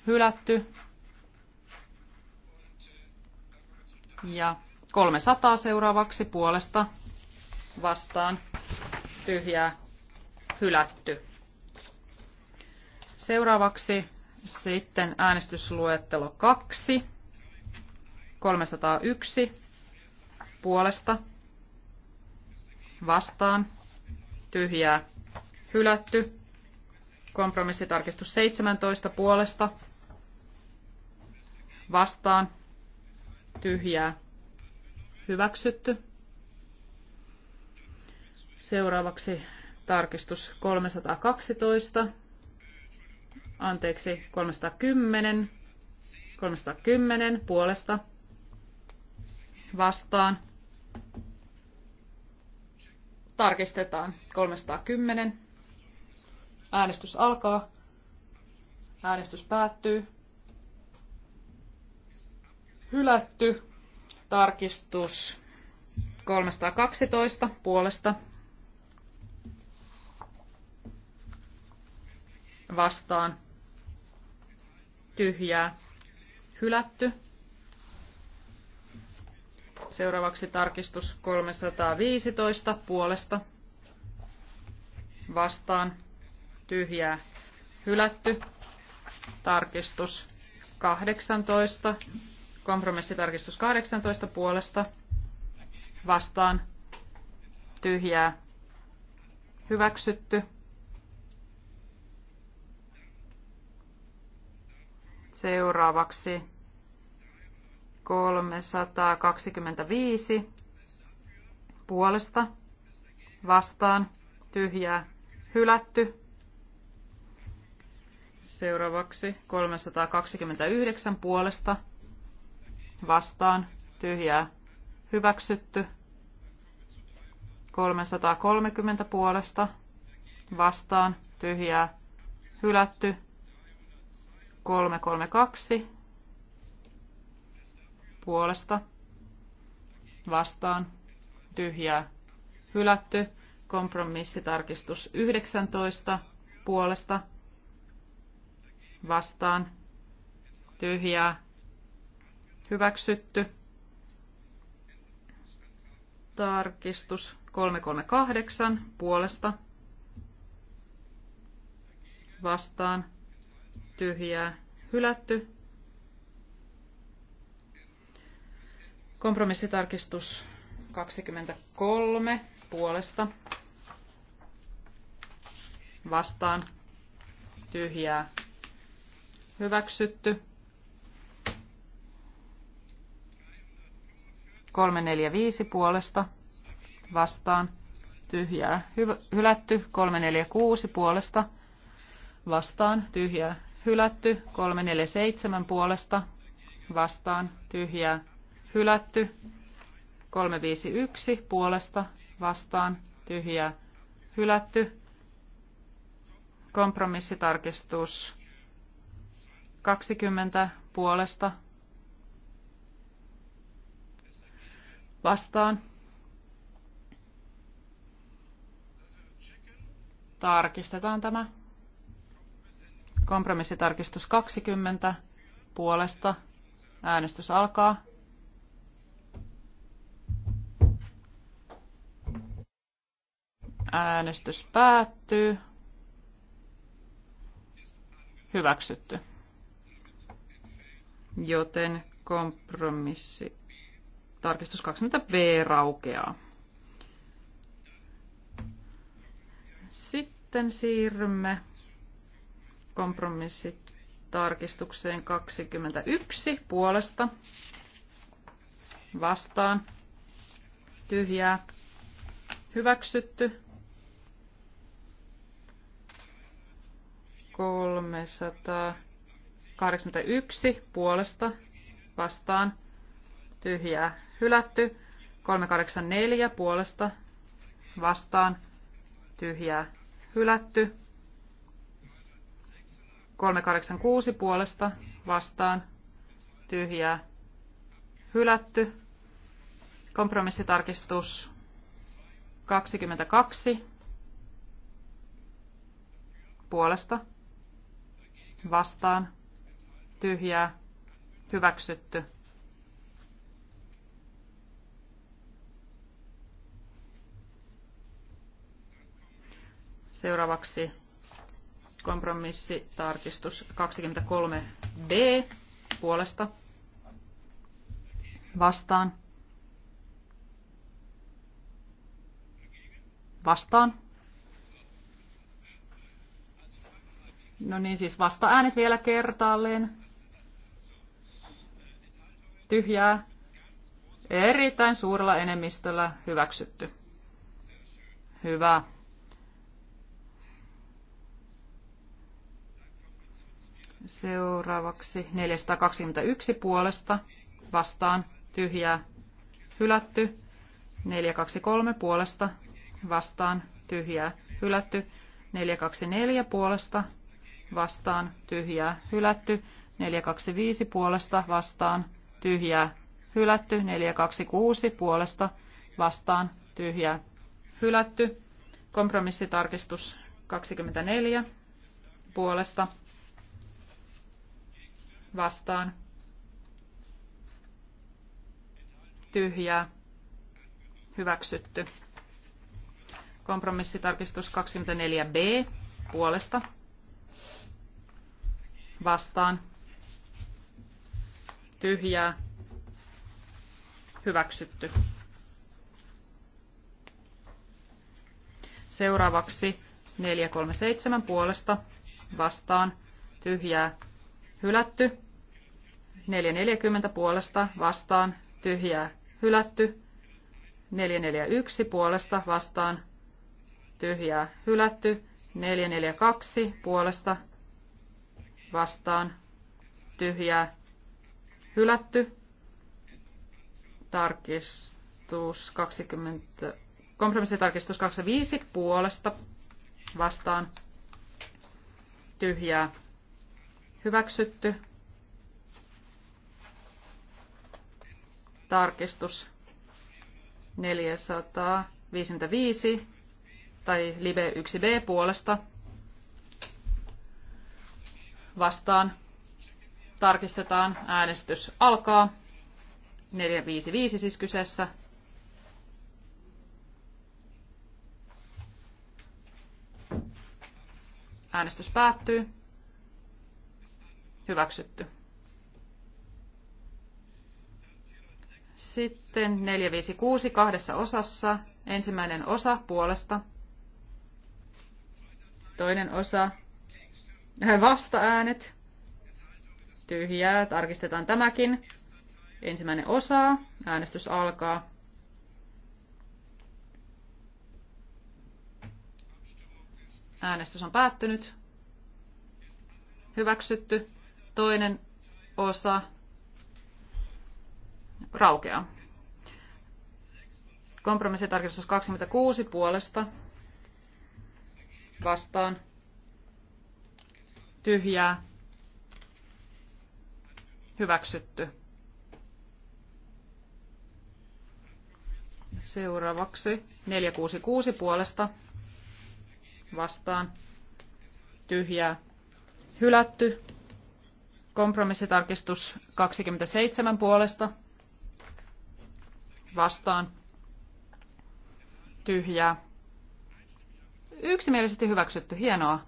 hylätty. Ja 300 seuraavaksi puolesta vastaan tyhjää hylätty. Seuraavaksi sitten äänestysluettelo 2, 301 puolesta vastaan tyhjää hylätty. Kompromissitarkistus 17 puolesta vastaan tyhjää hyväksytty. Seuraavaksi tarkistus 312 anteeksi, 310, 310 puolesta vastaan. Tarkistetaan 310. Äänestys alkaa. Äänestys päättyy. Hylätty. Tarkistus 312 puolesta vastaan tyhjää hylätty. Seuraavaksi tarkistus 315 puolesta vastaan tyhjää hylätty. Tarkistus 18, kompromissitarkistus 18 puolesta vastaan tyhjää hyväksytty. Seuraavaksi 325 puolesta vastaan tyhjää hylätty. Seuraavaksi 329 puolesta vastaan tyhjää hyväksytty. 330 puolesta vastaan tyhjää hylätty. 332 puolesta vastaan tyhjää hylätty. Kompromissitarkistus 19 puolesta vastaan tyhjää hyväksytty. Tarkistus 338 puolesta vastaan tyhjää hylätty. Kompromissitarkistus 23 puolesta vastaan tyhjää hyväksytty. 345 puolesta vastaan tyhjää hylätty. 346 puolesta vastaan tyhjää hylätty, 347 puolesta vastaan tyhjää hylätty, 351 puolesta vastaan tyhjää hylätty, kompromissitarkistus 20 puolesta vastaan tarkistetaan tämä. Kompromissitarkistus 20 puolesta. Äänestys alkaa. Äänestys päättyy. Hyväksytty. Joten kompromissi. Tarkistus 20b raukeaa. Sitten siirrymme kompromissitarkistukseen 21 puolesta vastaan tyhjää hyväksytty 381 puolesta vastaan tyhjää hylätty 384 puolesta vastaan tyhjää hylätty 386 puolesta vastaan tyhjää hylätty. Kompromissitarkistus 22 puolesta vastaan tyhjää hyväksytty. Seuraavaksi Kompromissi tarkistus 23b puolesta vastaan. Vastaan. No niin, siis vasta äänet vielä kertaalleen. Tyhjää. Erittäin suurella enemmistöllä hyväksytty. Hyvä. Seuraavaksi 421 puolesta vastaan tyhjää hylätty. 423 puolesta vastaan tyhjää hylätty. 424 puolesta vastaan tyhjää hylätty. 425 puolesta vastaan tyhjää hylätty. 426 puolesta vastaan tyhjää hylätty. Kompromissitarkistus 24 puolesta vastaan tyhjää hyväksytty. Kompromissitarkistus 24b puolesta vastaan tyhjää hyväksytty. Seuraavaksi 437 puolesta vastaan tyhjää hylätty. 440 puolesta vastaan tyhjää hylätty. 441 puolesta vastaan tyhjää hylätty. 442 puolesta vastaan tyhjää hylätty. Tarkistus 20, kompromissitarkistus 25 puolesta vastaan tyhjää hyväksytty. tarkistus 455 tai Live 1b puolesta vastaan. Tarkistetaan, äänestys alkaa. 455 siis kyseessä. Äänestys päättyy. Hyväksytty. Sitten 456 kahdessa osassa. Ensimmäinen osa puolesta. Toinen osa vastaäänet. Tyhjää. Tarkistetaan tämäkin. Ensimmäinen osa. Äänestys alkaa. Äänestys on päättynyt. Hyväksytty. Toinen osa raukeaa. Kompromissitarkistus 26 puolesta vastaan tyhjää hyväksytty. Seuraavaksi 466 puolesta vastaan tyhjää hylätty. Kompromissitarkistus 27 puolesta vastaan tyhjää. Yksimielisesti hyväksytty. Hienoa.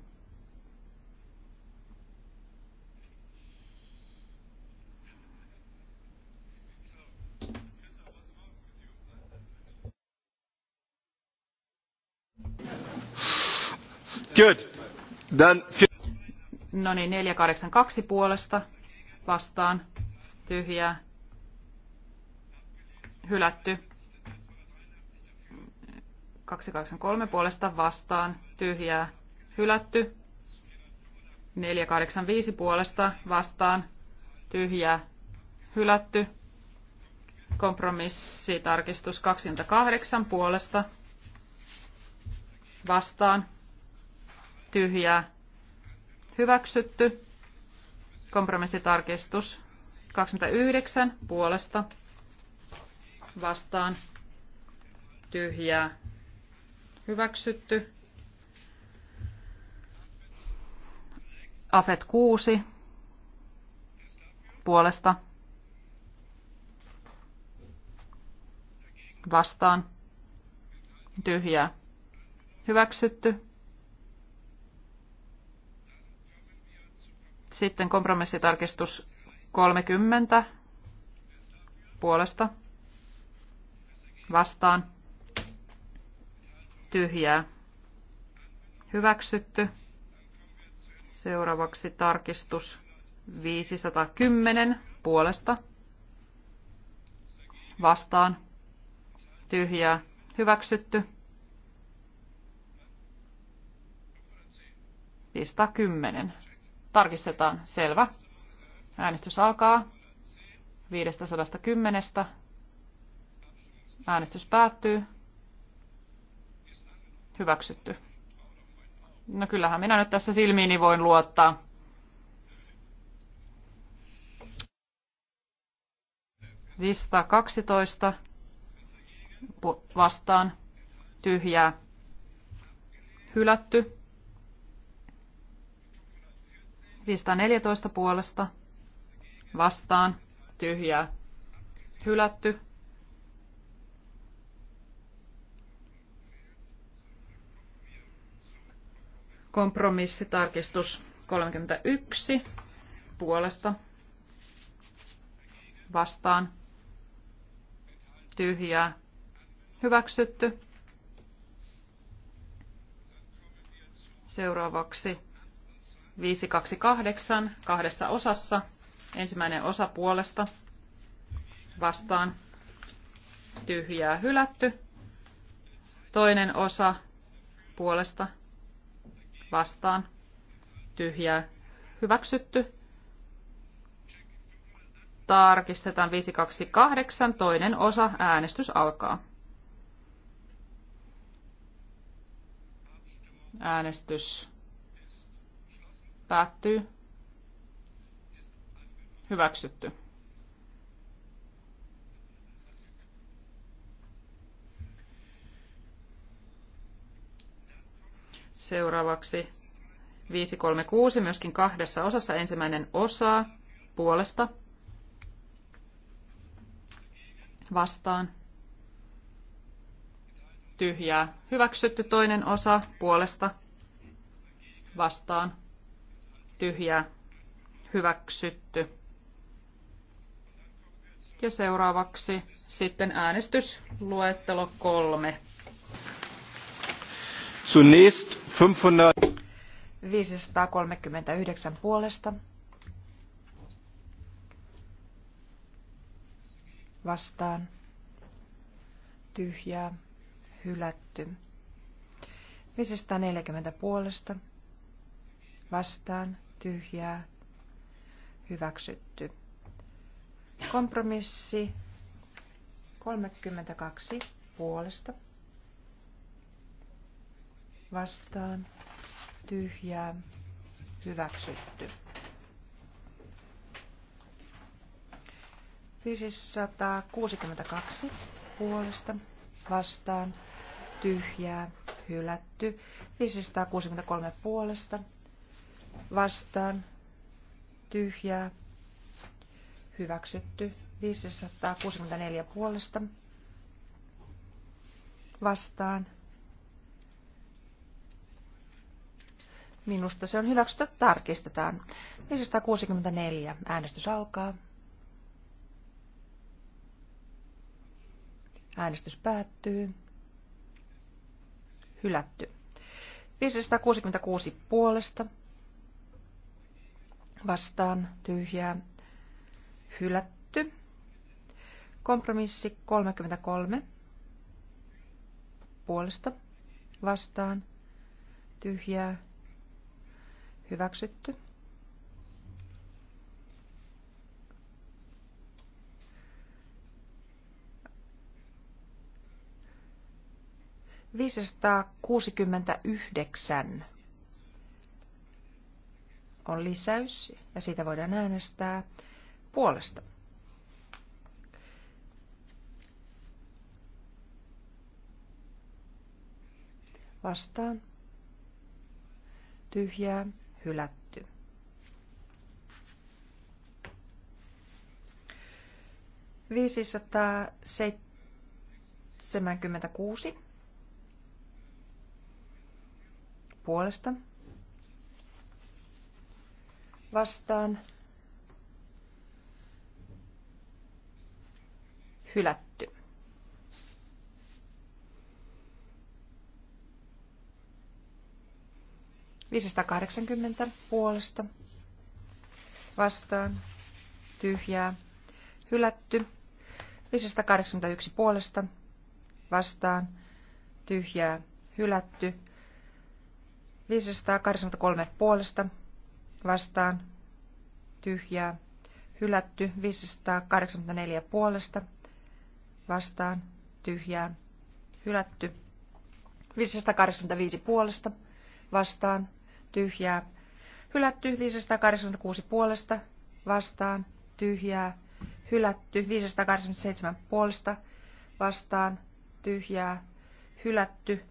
Good. Then... No niin, 482 puolesta vastaan tyhjää hylätty. 283 puolesta vastaan tyhjää hylätty. 485 puolesta vastaan tyhjää hylätty. Kompromissitarkistus 28 puolesta vastaan tyhjää hyväksytty. Kompromissitarkistus 29 puolesta vastaan tyhjää hyväksytty. Afet 6 puolesta vastaan tyhjää hyväksytty. Sitten kompromissitarkistus 30 puolesta vastaan tyhjää hyväksytty. Seuraavaksi tarkistus 510 puolesta vastaan tyhjää hyväksytty. 510. Tarkistetaan. Selvä. Äänestys alkaa 510. Äänestys päättyy. Hyväksytty. No kyllähän minä nyt tässä silmiini voin luottaa. Lista 12 vastaan tyhjää hylätty. 14 puolesta vastaan tyhjää hylätty. Kompromissitarkistus 31 puolesta vastaan tyhjää hyväksytty. Seuraavaksi 528 kahdessa osassa. Ensimmäinen osa puolesta vastaan tyhjää hylätty. Toinen osa puolesta vastaan tyhjää hyväksytty. Tarkistetaan 528, toinen osa, äänestys alkaa. Äänestys päättyy. Hyväksytty. Seuraavaksi 536 myöskin kahdessa osassa. Ensimmäinen osa puolesta vastaan. Tyhjää. Hyväksytty toinen osa puolesta vastaan. Tyhjää. Hyväksytty. Ja seuraavaksi sitten äänestysluettelo kolme. Zunächst 500... 539 puolesta. Vastaan. Tyhjää. Hylätty. 540 puolesta. Vastaan. Tyhjää. Hyväksytty. Kompromissi 32 puolesta vastaan tyhjää hyväksytty. 562 puolesta vastaan tyhjää hylätty. 563 puolesta vastaan tyhjää hyväksytty. 564 puolesta vastaan Minusta se on hyväksytty. Tarkistetaan. 564. Äänestys alkaa. Äänestys päättyy. Hylätty. 566 puolesta. Vastaan tyhjää. Hylätty. Kompromissi 33 puolesta. Vastaan tyhjää Hyväksytty. yhdeksän on lisäys ja siitä voidaan äänestää puolesta. Vastaan. Tyhjää hylätty. Viisisataa puolesta vastaan hylätty. 580 puolesta vastaan tyhjää hylätty. 581 puolesta vastaan tyhjää hylätty. 583 puolesta vastaan tyhjää hylätty. 584 puolesta vastaan tyhjää hylätty. 585 puolesta vastaan tyhjää, hylätty 586 puolesta, vastaan, tyhjää, hylätty 587 puolesta, vastaan, tyhjää, hylätty.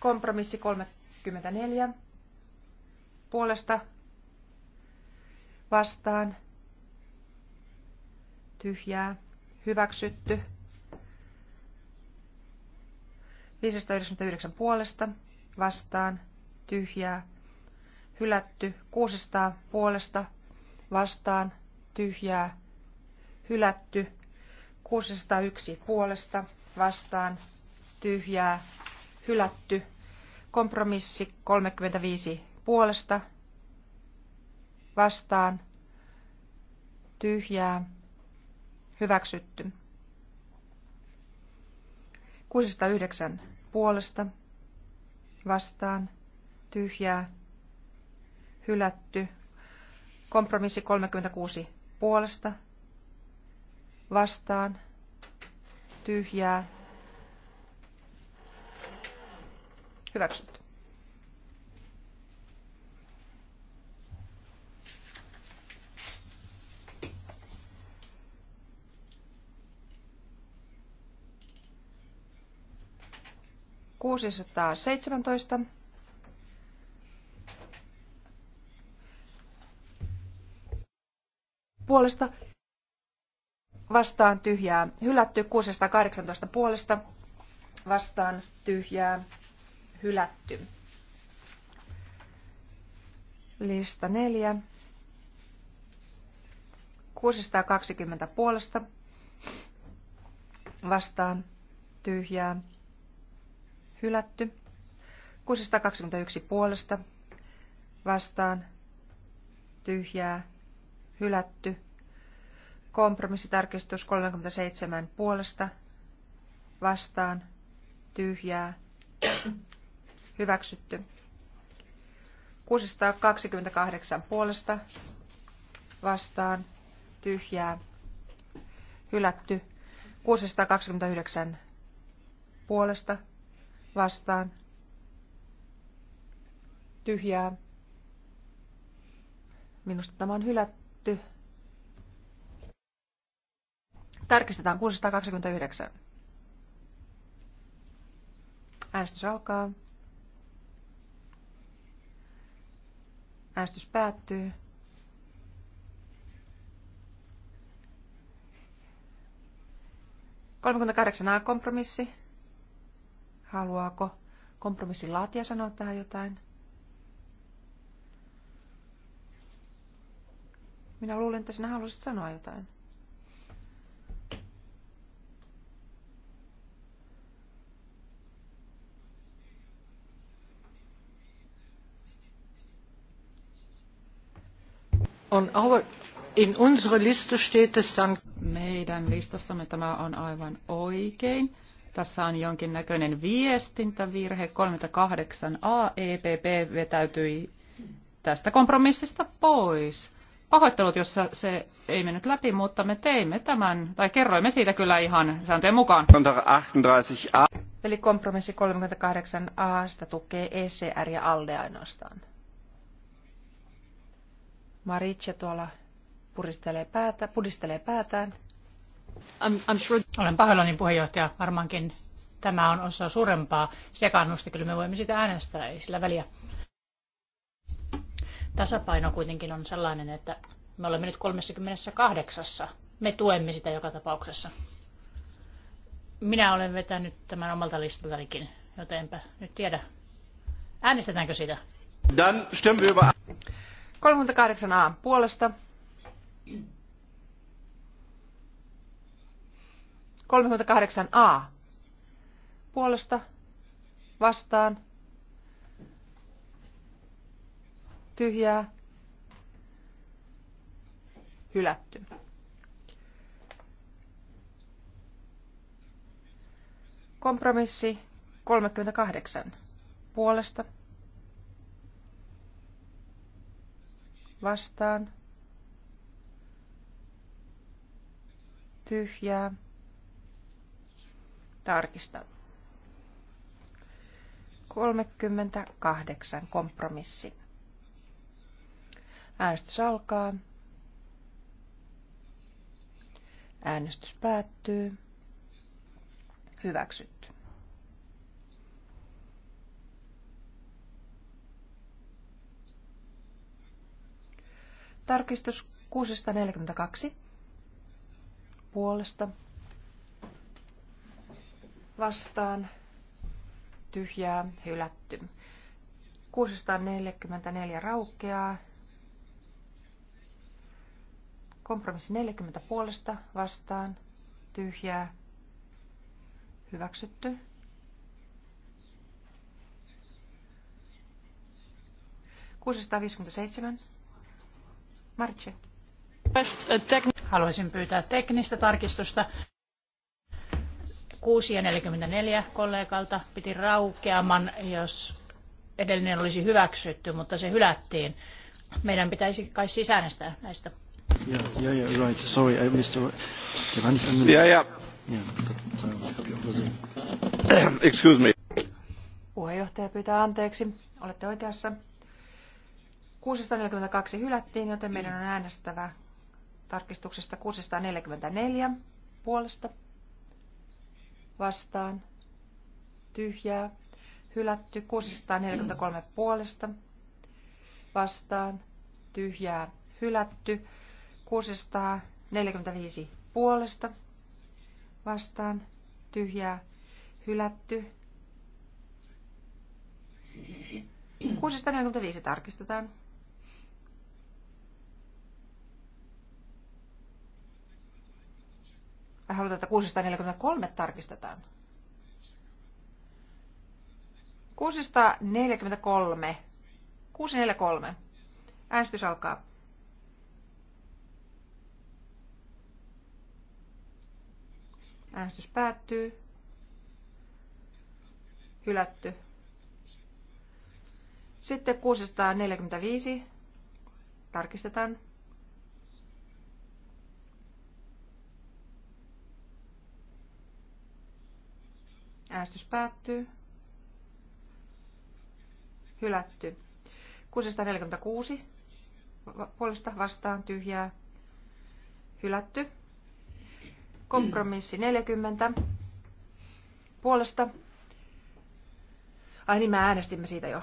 Kompromissi 34 puolesta, vastaan, tyhjää, hyväksytty 599 puolesta vastaan tyhjää hylätty. 600 puolesta vastaan tyhjää hylätty. 601 puolesta vastaan tyhjää hylätty. Kompromissi 35 puolesta vastaan tyhjää hyväksytty. 609 puolesta vastaan tyhjää hylätty. Kompromissi 36 puolesta vastaan tyhjää hyväksytty. 617. Puolesta vastaan tyhjää hylätty. 618 puolesta vastaan tyhjää hylätty. Lista 4. 620 puolesta vastaan tyhjää Hylätty. 621 puolesta. Vastaan. Tyhjää. Hylätty. Kompromissitarkistus 37 puolesta. Vastaan. Tyhjää. Hyväksytty. 628 puolesta. Vastaan. Tyhjää. Hylätty. 629 puolesta vastaan tyhjää. Minusta tämä on hylätty. Tarkistetaan 629. Äänestys alkaa. Äänestys päättyy. Kolmekymmentäkahdeksan A-kompromissi. Haluaako kompromissin laatija sanoa tähän jotain? Minä luulen, että sinä haluaisit sanoa jotain. On our, in unsere Liste steht es dann. Meidän listassamme tämä on aivan oikein. Tässä on jonkinnäköinen viestintävirhe. 38a EPP vetäytyi tästä kompromissista pois. Pahoittelut, jos se ei mennyt läpi, mutta me teimme tämän, tai kerroimme siitä kyllä ihan sääntöjen mukaan. 38a. Eli kompromissi 38a sitä tukee ECR ja ALDE ainoastaan. Maritse tuolla puristelee päätä, pudistelee päätään. Olen pahoillani puheenjohtaja. Varmaankin tämä on osa suurempaa sekannusta. Kyllä me voimme sitä äänestää, ei sillä väliä. Tasapaino kuitenkin on sellainen, että me olemme nyt 38. Me tuemme sitä joka tapauksessa. Minä olen vetänyt tämän omalta listaltanikin, joten enpä nyt tiedä. Äänestetäänkö sitä? Dan stimmen 38a puolesta 38a. Puolesta vastaan tyhjää hylätty. Kompromissi 38. Puolesta. Vastaan. Tyhjää tarkistan. 38 kompromissi. Äänestys alkaa. Äänestys päättyy. Hyväksytty. Tarkistus 642. Puolesta vastaan tyhjää hylätty. 644 raukeaa. Kompromissi 40 puolesta vastaan tyhjää hyväksytty. Kuusisataaviisikymmentäseitsemän. Marche. Haluaisin pyytää teknistä tarkistusta. Kuusi ja 44 kollegalta piti raukeaman, jos edellinen olisi hyväksytty, mutta se hylättiin. Meidän pitäisi kai sisäänestää näistä. Yeah, yeah, yeah, right. Sorry, I missed the... Yeah, yeah. yeah uh, Excuse me. Puheenjohtaja pyytää anteeksi. Olette oikeassa. 642 hylättiin, joten meidän on äänestävä tarkistuksesta 644 puolesta vastaan, tyhjää, hylätty. 643 puolesta vastaan, tyhjää, hylätty. 645 puolesta vastaan, tyhjää, hylätty. 645 tarkistetaan. Halutaan, että 643 tarkistetaan. 643. 643. Äänestys alkaa. Äänestys päättyy. Hylätty. Sitten 645. Tarkistetaan. Äänestys päättyy. Hylätty. 646 puolesta vastaan tyhjää. Hylätty. Kompromissi 40 puolesta. Ai niin, mä äänestimme siitä jo.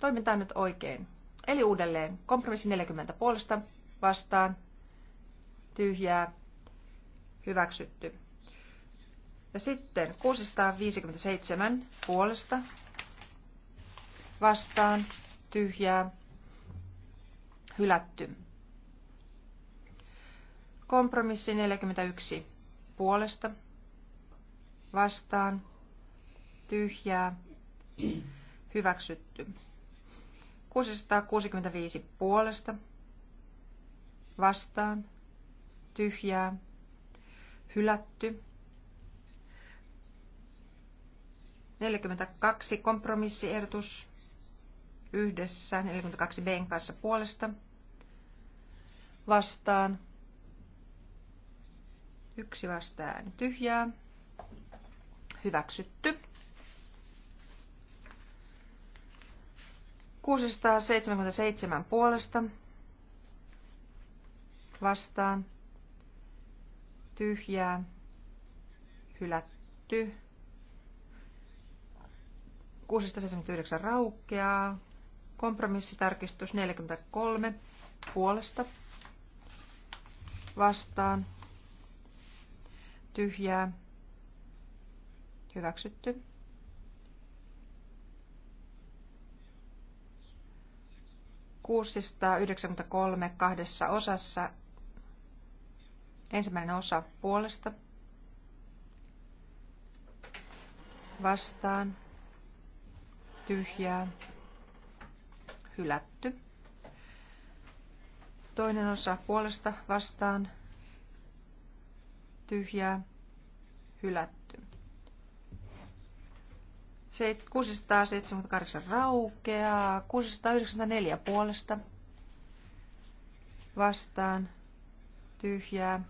Toiminta on nyt oikein. Eli uudelleen. Kompromissi 40 puolesta vastaan. Tyhjää hyväksytty. Ja sitten 657 puolesta vastaan tyhjää hylätty. Kompromissi 41 puolesta vastaan tyhjää hyväksytty. 665 puolesta vastaan tyhjää hylätty. 42 kompromissiehdotus yhdessä 42 Bn kanssa puolesta vastaan. Yksi vastaan tyhjää. Hyväksytty. 677 puolesta vastaan tyhjää, hylätty. 679 raukeaa. Kompromissitarkistus 43 puolesta vastaan. Tyhjää. Hyväksytty. Kuusista 93 kahdessa osassa Ensimmäinen osa puolesta. Vastaan. Tyhjää. Hylätty. Toinen osa puolesta vastaan. Tyhjää. Hylätty. 678 raukeaa. 694 puolesta vastaan tyhjää,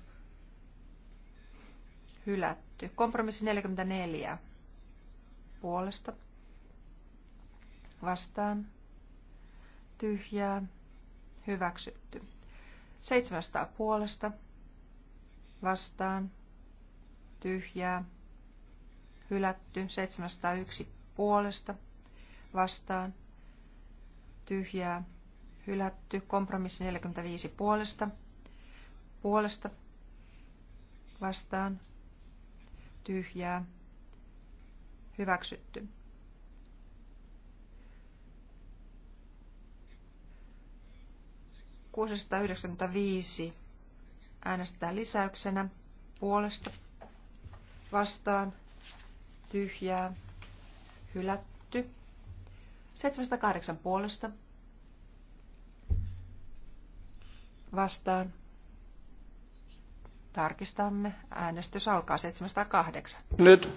hylätty. Kompromissi 44 puolesta vastaan tyhjää hyväksytty. 700 puolesta vastaan tyhjää hylätty. 701 puolesta vastaan tyhjää hylätty. Kompromissi 45 puolesta puolesta vastaan tyhjää, hyväksytty. Kuusesta äänestetään lisäyksenä puolesta vastaan tyhjää hylätty. 708 puolesta vastaan Tarkistamme. Äänestys alkaa 708. Nyt.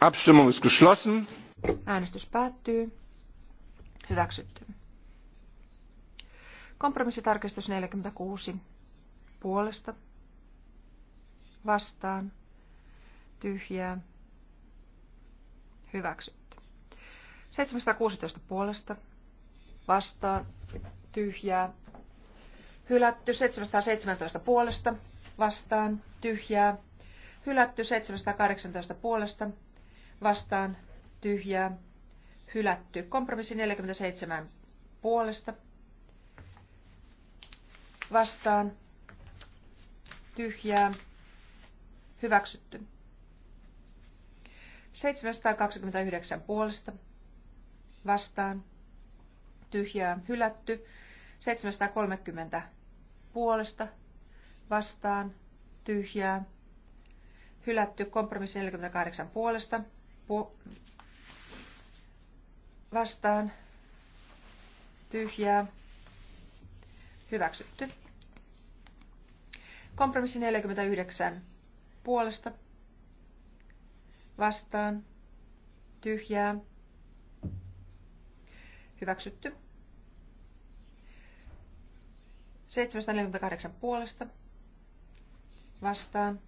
Abstimmung ist geschlossen. Äänestys päättyy. Hyväksytty. Kompromissitarkistus 46. Puolesta. Vastaan. Tyhjää. Hyväksytty. 716 puolesta vastaan tyhjää. Hylätty 717 puolesta vastaan tyhjää. Hylätty 718 puolesta vastaan tyhjää. Hylätty kompromissi 47 puolesta vastaan tyhjää. Hyväksytty. 729 puolesta vastaan tyhjää hylätty. 730 puolesta vastaan tyhjää hylätty. Kompromissi 48 puolesta pu- vastaan tyhjää hyväksytty. Kompromissi 49 puolesta vastaan tyhjää Hyväksytty. 748 puolesta. Vastaan.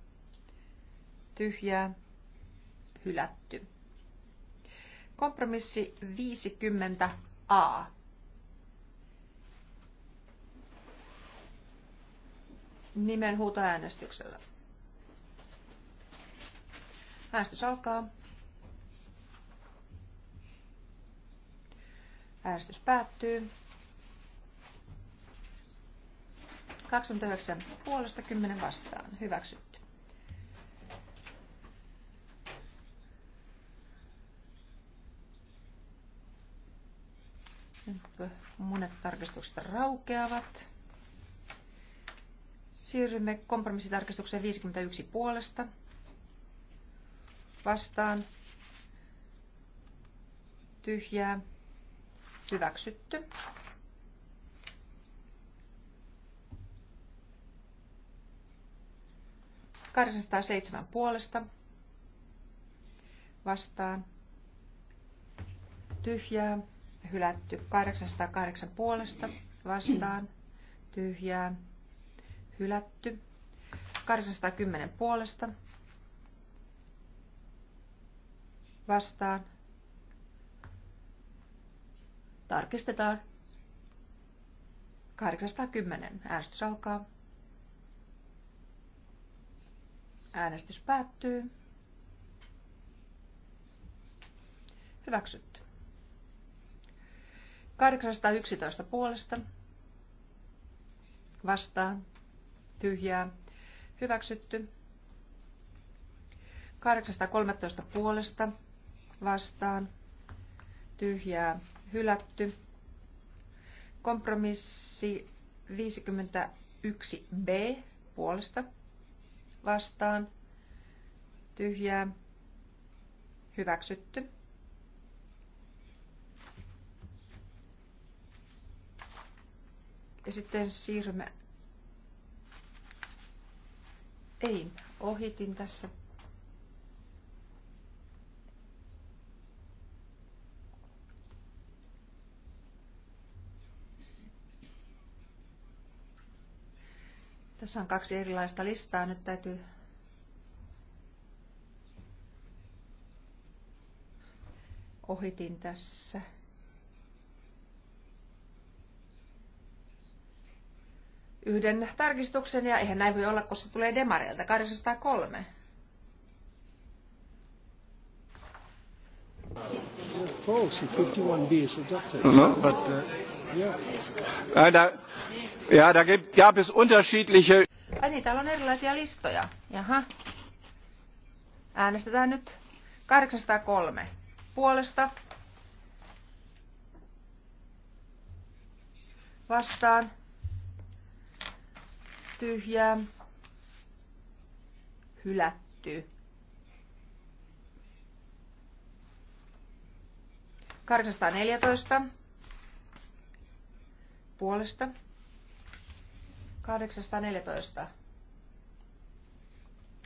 Tyhjää. Hylätty. Kompromissi 50a. Nimen huutoäänestyksellä. Äänestys alkaa. Äänestys päättyy. 29 puolesta 10 vastaan. Hyväksytty. Nyt monet tarkistukset raukeavat. Siirrymme kompromissitarkistukseen 51 puolesta. Vastaan. Tyhjää. Hyväksytty. seitsemän puolesta vastaan. Tyhjää. Hylätty. 808 puolesta vastaan. Tyhjää. Hylätty. 810 puolesta vastaan Tarkistetaan. 810. Äänestys alkaa. Äänestys päättyy. Hyväksytty. 811 puolesta. Vastaan. Tyhjää. Hyväksytty. 813 puolesta. Vastaan. Tyhjää hylätty. Kompromissi 51b puolesta vastaan tyhjää hyväksytty. Ja sitten siirrymme. Ei, ohitin tässä Tässä on kaksi erilaista listaa. Nyt täytyy ohitin tässä. Yhden tarkistuksen, ja eihän näin voi olla, koska se tulee demareilta, 803. No, no, but, uh... Da, ja, da gibt, gab es unterschiedliche... Ai niin, täällä on erilaisia listoja. Jaha. Äänestetään nyt 803 puolesta. Vastaan. Tyhjää. Hylätty. 814 puolesta. 814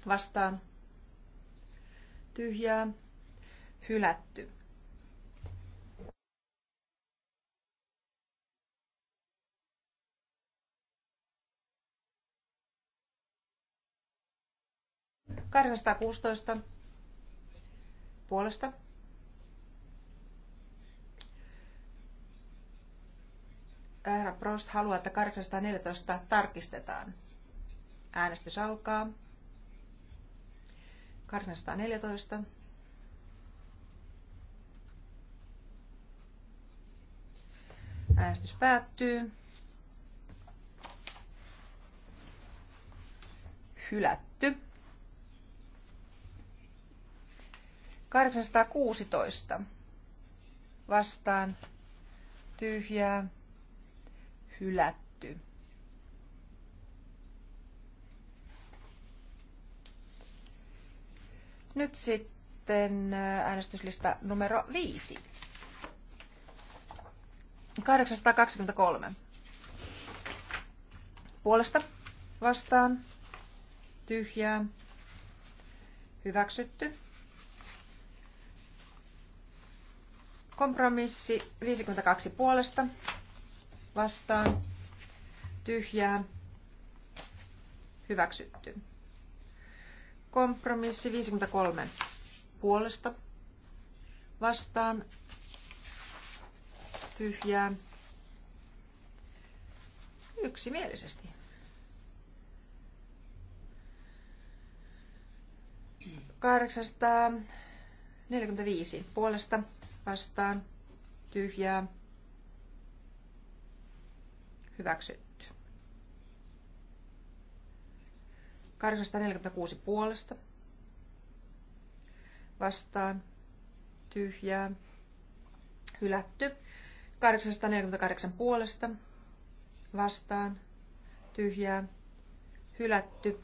vastaan tyhjää hylätty. kuusitoista puolesta herra Prost haluaa, että 814 tarkistetaan. Äänestys alkaa. 814. Äänestys päättyy. Hylätty. 816. Vastaan. Tyhjää hylätty. Nyt sitten äh, äänestyslista numero 5. 823. Puolesta vastaan tyhjää hyväksytty. Kompromissi 52 puolesta vastaan tyhjää hyväksytty. Kompromissi 53 puolesta vastaan tyhjää yksimielisesti. Kahdeksasta 45 puolesta vastaan tyhjää Hyväksytty. 846 puolesta. Vastaan. Tyhjää. Hylätty. 848 puolesta. Vastaan. Tyhjää. Hylätty.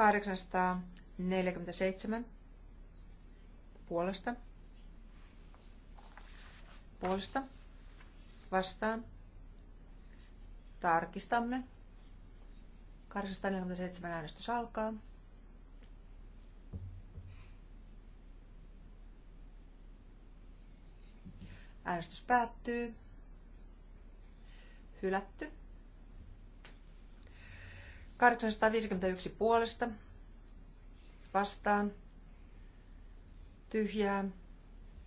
847 puolesta. Puolesta. Vastaan. Tarkistamme. 847 äänestys alkaa. Äänestys päättyy. Hylätty. 851 puolesta vastaan tyhjää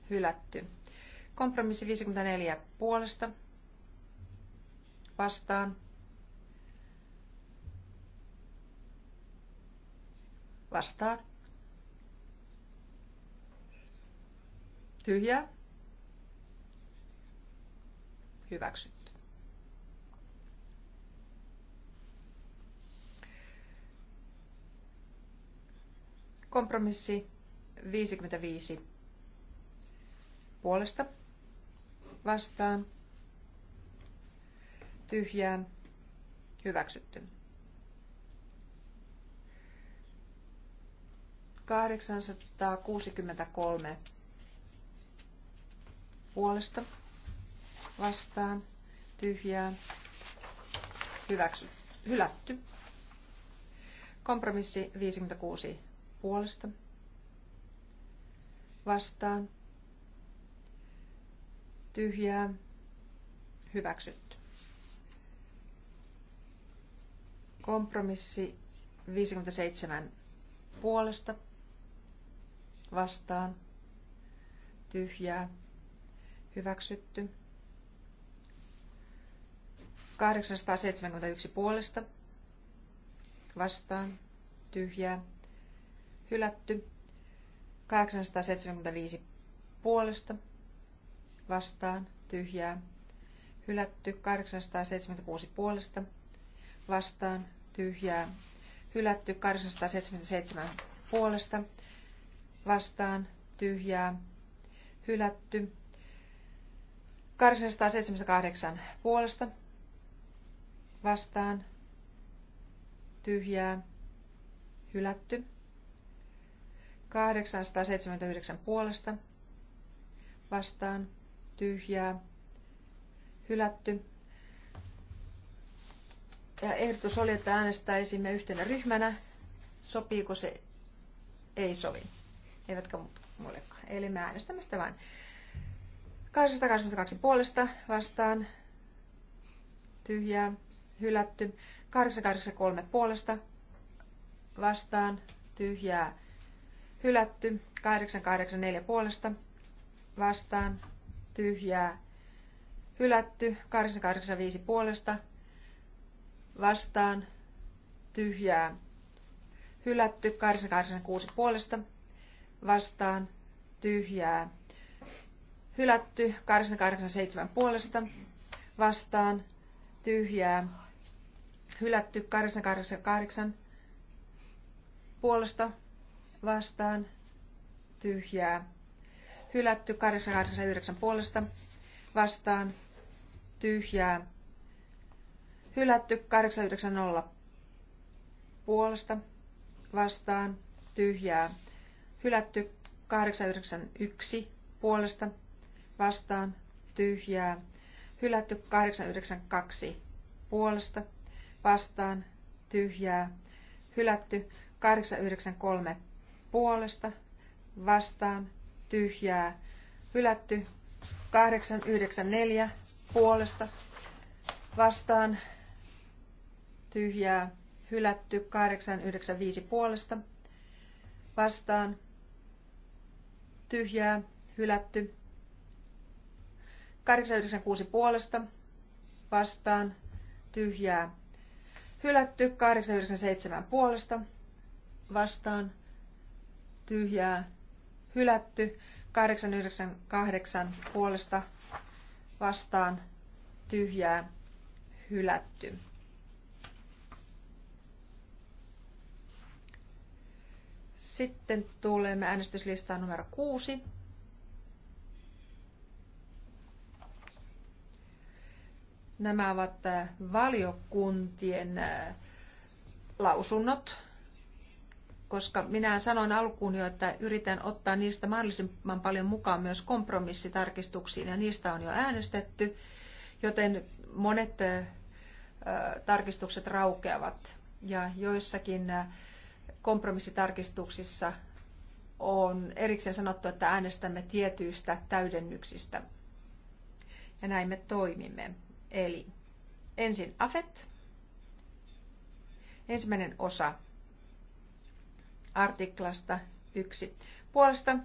hylätty. Kompromissi 54 puolesta vastaan vastaan tyhjää hyväksytty. Kompromissi 55 puolesta vastaan tyhjään hyväksytty. 863 puolesta vastaan tyhjään hyväksy, hylätty. Kompromissi 56 puolesta vastaan tyhjää hyväksytty. Kompromissi 57 puolesta vastaan tyhjää hyväksytty. 871 puolesta vastaan tyhjää hylätty. 875 puolesta vastaan tyhjää hylätty. 876 puolesta vastaan tyhjää hylätty. 877 puolesta vastaan tyhjää hylätty. 878 puolesta vastaan tyhjää hylätty. 879 puolesta vastaan tyhjää hylätty. Ja ehdotus oli, että äänestäisimme yhtenä ryhmänä. Sopiiko se? Ei sovi. Eivätkä muillekaan. Eli me äänestämme sitä vain. 882 puolesta vastaan. Tyhjää. Hylätty. 883 puolesta vastaan. Tyhjää Hylätty 884 puolesta vastaan tyhjää. Hylätty 885 puolesta vastaan tyhjää. Hylätty 886 puolesta vastaan tyhjää. Hylätty 887 puolesta vastaan tyhjää. Hylätty 888 puolesta vastaan tyhjää. Hylätty 889 puolesta vastaan tyhjää. Hylätty 890 puolesta vastaan tyhjää. Hylätty 891 puolesta vastaan tyhjää. Hylätty 892 puolesta vastaan tyhjää. Hylätty 893 puolesta vastaan tyhjää hylätty. 894 puolesta vastaan tyhjää hylätty. 895 puolesta vastaan tyhjää hylätty. 896 puolesta vastaan tyhjää hylätty. 897 puolesta vastaan tyhjää hylätty. 898 puolesta vastaan tyhjää hylätty. Sitten tulemme äänestyslistaan numero 6. Nämä ovat äh, valiokuntien äh, lausunnot koska minä sanoin alkuun jo, että yritän ottaa niistä mahdollisimman paljon mukaan myös kompromissitarkistuksiin, ja niistä on jo äänestetty, joten monet tarkistukset raukeavat, ja joissakin kompromissitarkistuksissa on erikseen sanottu, että äänestämme tietyistä täydennyksistä. Ja näin me toimimme. Eli ensin AFET, ensimmäinen osa artiklasta 1. Puolesta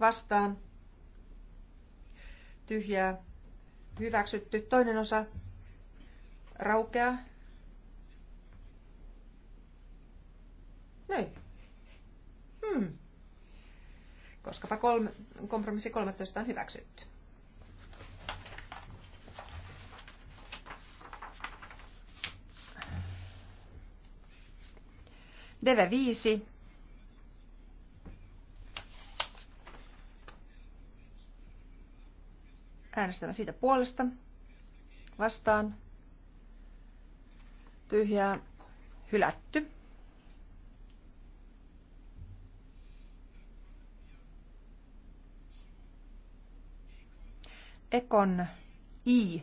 vastaan tyhjää hyväksytty. Toinen osa raukea Noin. Hmm. Koskapa kolme, kompromissi 13 on hyväksytty. Deve 5. Äänestämme siitä puolesta. Vastaan. Tyhjää. Hylätty. Ekon I.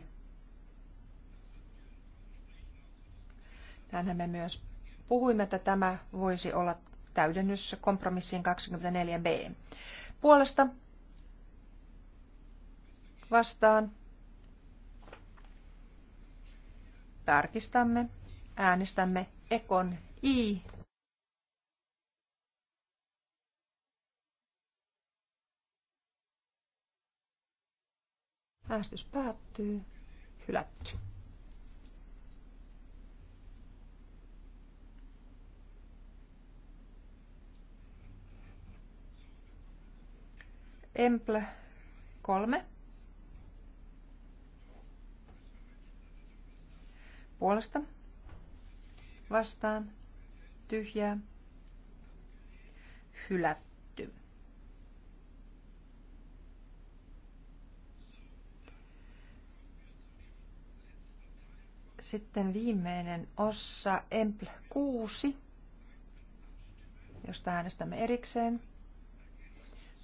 Tänne me myös puhuimme, että tämä voisi olla täydennys kompromissiin 24b. Puolesta vastaan tarkistamme, äänestämme Ekon I. Äänestys päättyy. Hylätty. Emple 3. Puolesta. Vastaan. Tyhjää. Hylätty. Sitten viimeinen osa Emple 6, josta äänestämme erikseen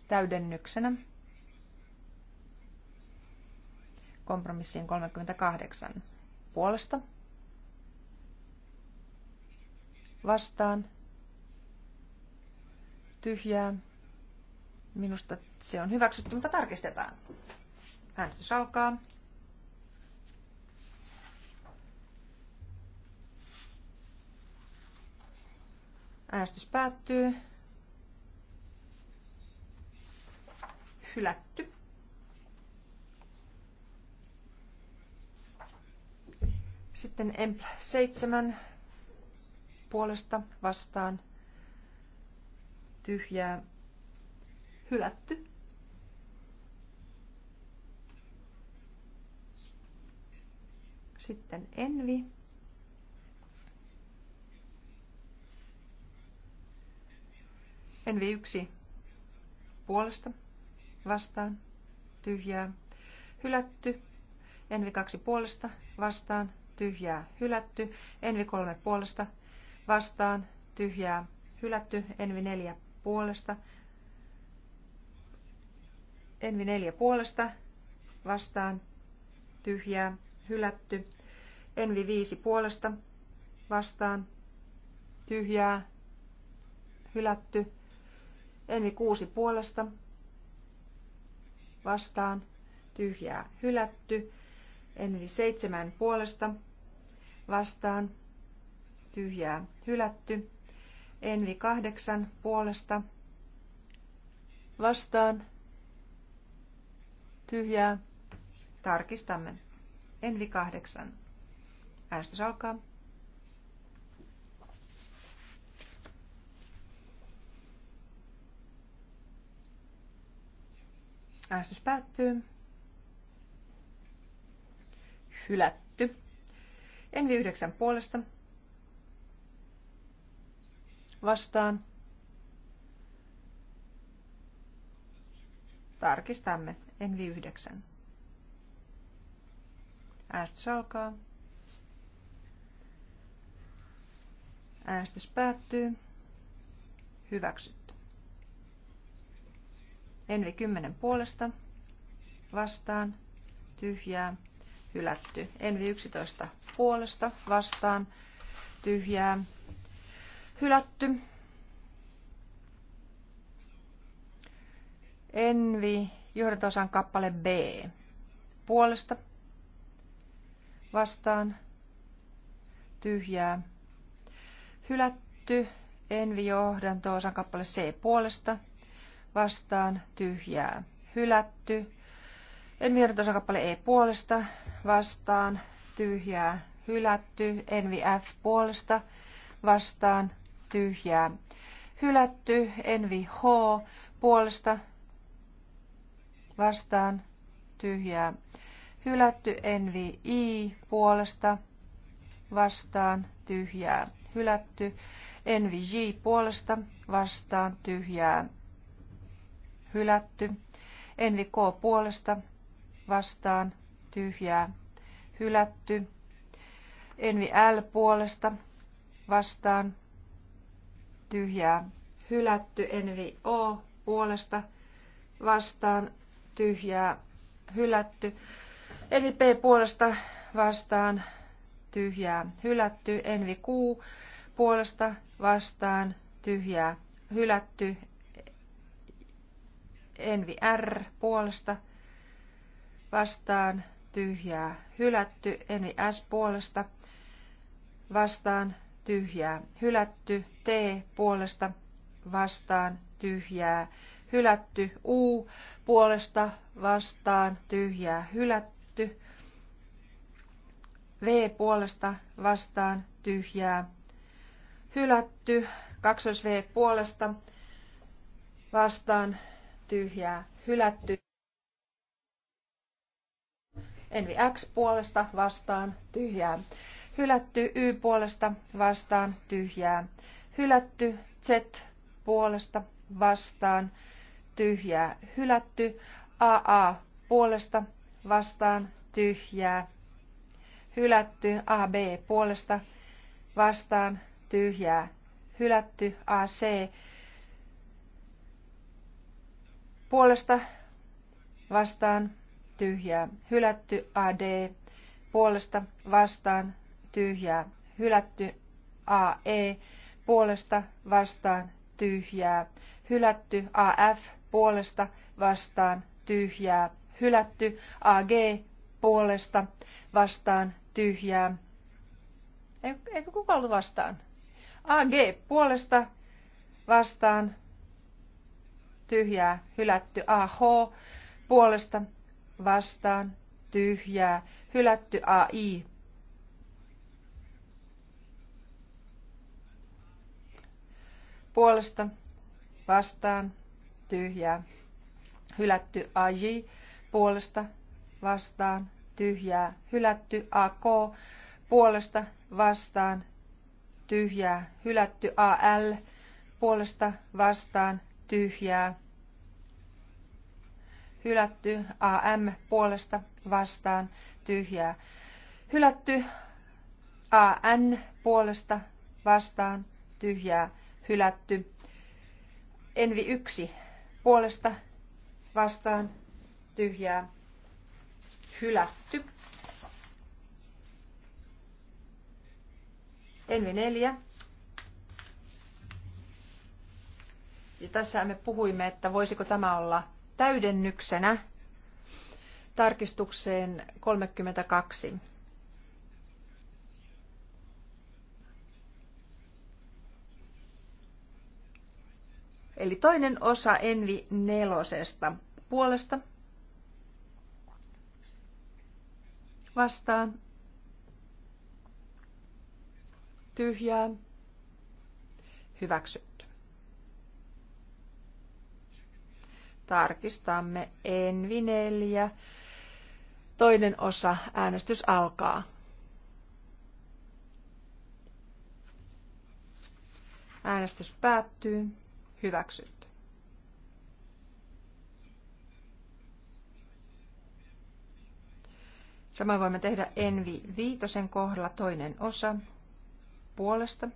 täydennyksenä kompromissiin 38 puolesta vastaan tyhjää. Minusta se on hyväksytty, mutta tarkistetaan. Äänestys alkaa. Äänestys päättyy. hylätty. Sitten m 7 puolesta vastaan tyhjää hylätty. Sitten envi. Envi yksi puolesta vastaan, tyhjää, hylätty. Envi kaksi puolesta, vastaan, tyhjää, hylätty. Envi kolme puolesta, vastaan, tyhjää, hylätty. Envi neljä puolesta, Envi neljä puolesta, vastaan, tyhjää, hylätty. Envi viisi puolesta, vastaan, tyhjää, hylätty. Envi kuusi puolesta, vastaan, tyhjää hylätty. Envi seitsemän puolesta vastaan, tyhjää hylätty. Envi kahdeksan puolesta vastaan, tyhjää. Tarkistamme. Envi kahdeksan, Äänestys alkaa. Äänestys päättyy. Hylätty. Envi 9 puolesta. Vastaan. Tarkistamme. Envi 9. Äänestys alkaa. Äänestys päättyy. Hyväksytty. Envi 10 puolesta vastaan tyhjää hylätty. Envi 11 puolesta vastaan tyhjää hylätty. Envi johdantosan kappale B puolesta vastaan tyhjää hylätty. Envi johdantosan kappale C puolesta vastaan tyhjää hylätty. Envi ehdotusosakappale E puolesta vastaan tyhjää hylätty. Envi F puolesta vastaan tyhjää hylätty. Envi H puolesta vastaan tyhjää hylätty. Envi I puolesta vastaan tyhjää hylätty. Envi J puolesta vastaan tyhjää hylätty. Envi K puolesta vastaan tyhjää hylätty. Envi L puolesta vastaan tyhjää hylätty. Envi O puolesta vastaan tyhjää hylätty. Envi P puolesta vastaan tyhjää hylätty. Envi Q puolesta vastaan tyhjää hylätty. Envi R puolesta vastaan tyhjää hylätty. Envi S puolesta vastaan tyhjää hylätty. T puolesta vastaan tyhjää hylätty. U puolesta vastaan tyhjää hylätty. V puolesta vastaan tyhjää hylätty. 2 V puolesta vastaan tyhjää hylätty. Envi X puolesta vastaan tyhjää. Hylätty Y puolesta vastaan tyhjää. Hylätty Z puolesta vastaan tyhjää. Hylätty AA puolesta vastaan tyhjää. Hylätty AB puolesta vastaan tyhjää. Hylätty AC puolesta vastaan tyhjää hylätty AD puolesta vastaan tyhjää hylätty AE puolesta vastaan tyhjää hylätty AF puolesta vastaan tyhjää hylätty AG puolesta vastaan tyhjää eikö kukaan ollut vastaan AG puolesta vastaan tyhjää, hylätty. AH puolesta vastaan, tyhjää, hylätty. AI puolesta vastaan, tyhjää, hylätty. AJ puolesta vastaan, tyhjää, hylätty. AK puolesta vastaan, tyhjää, hylätty. AL puolesta vastaan, tyhjää, hylätty, AM puolesta vastaan, tyhjää, hylätty, AN puolesta vastaan, tyhjää, hylätty, Envi 1 puolesta vastaan, tyhjää, hylätty. Envi 4 Ja tässä me puhuimme, että voisiko tämä olla täydennyksenä tarkistukseen 32. Eli toinen osa Envi nelosesta puolesta vastaan tyhjää hyväksy. Tarkistamme Envi 4. Toinen osa. Äänestys alkaa. Äänestys päättyy. Hyväksytty. Samoin voimme tehdä Envi viitosen kohdalla toinen osa puolesta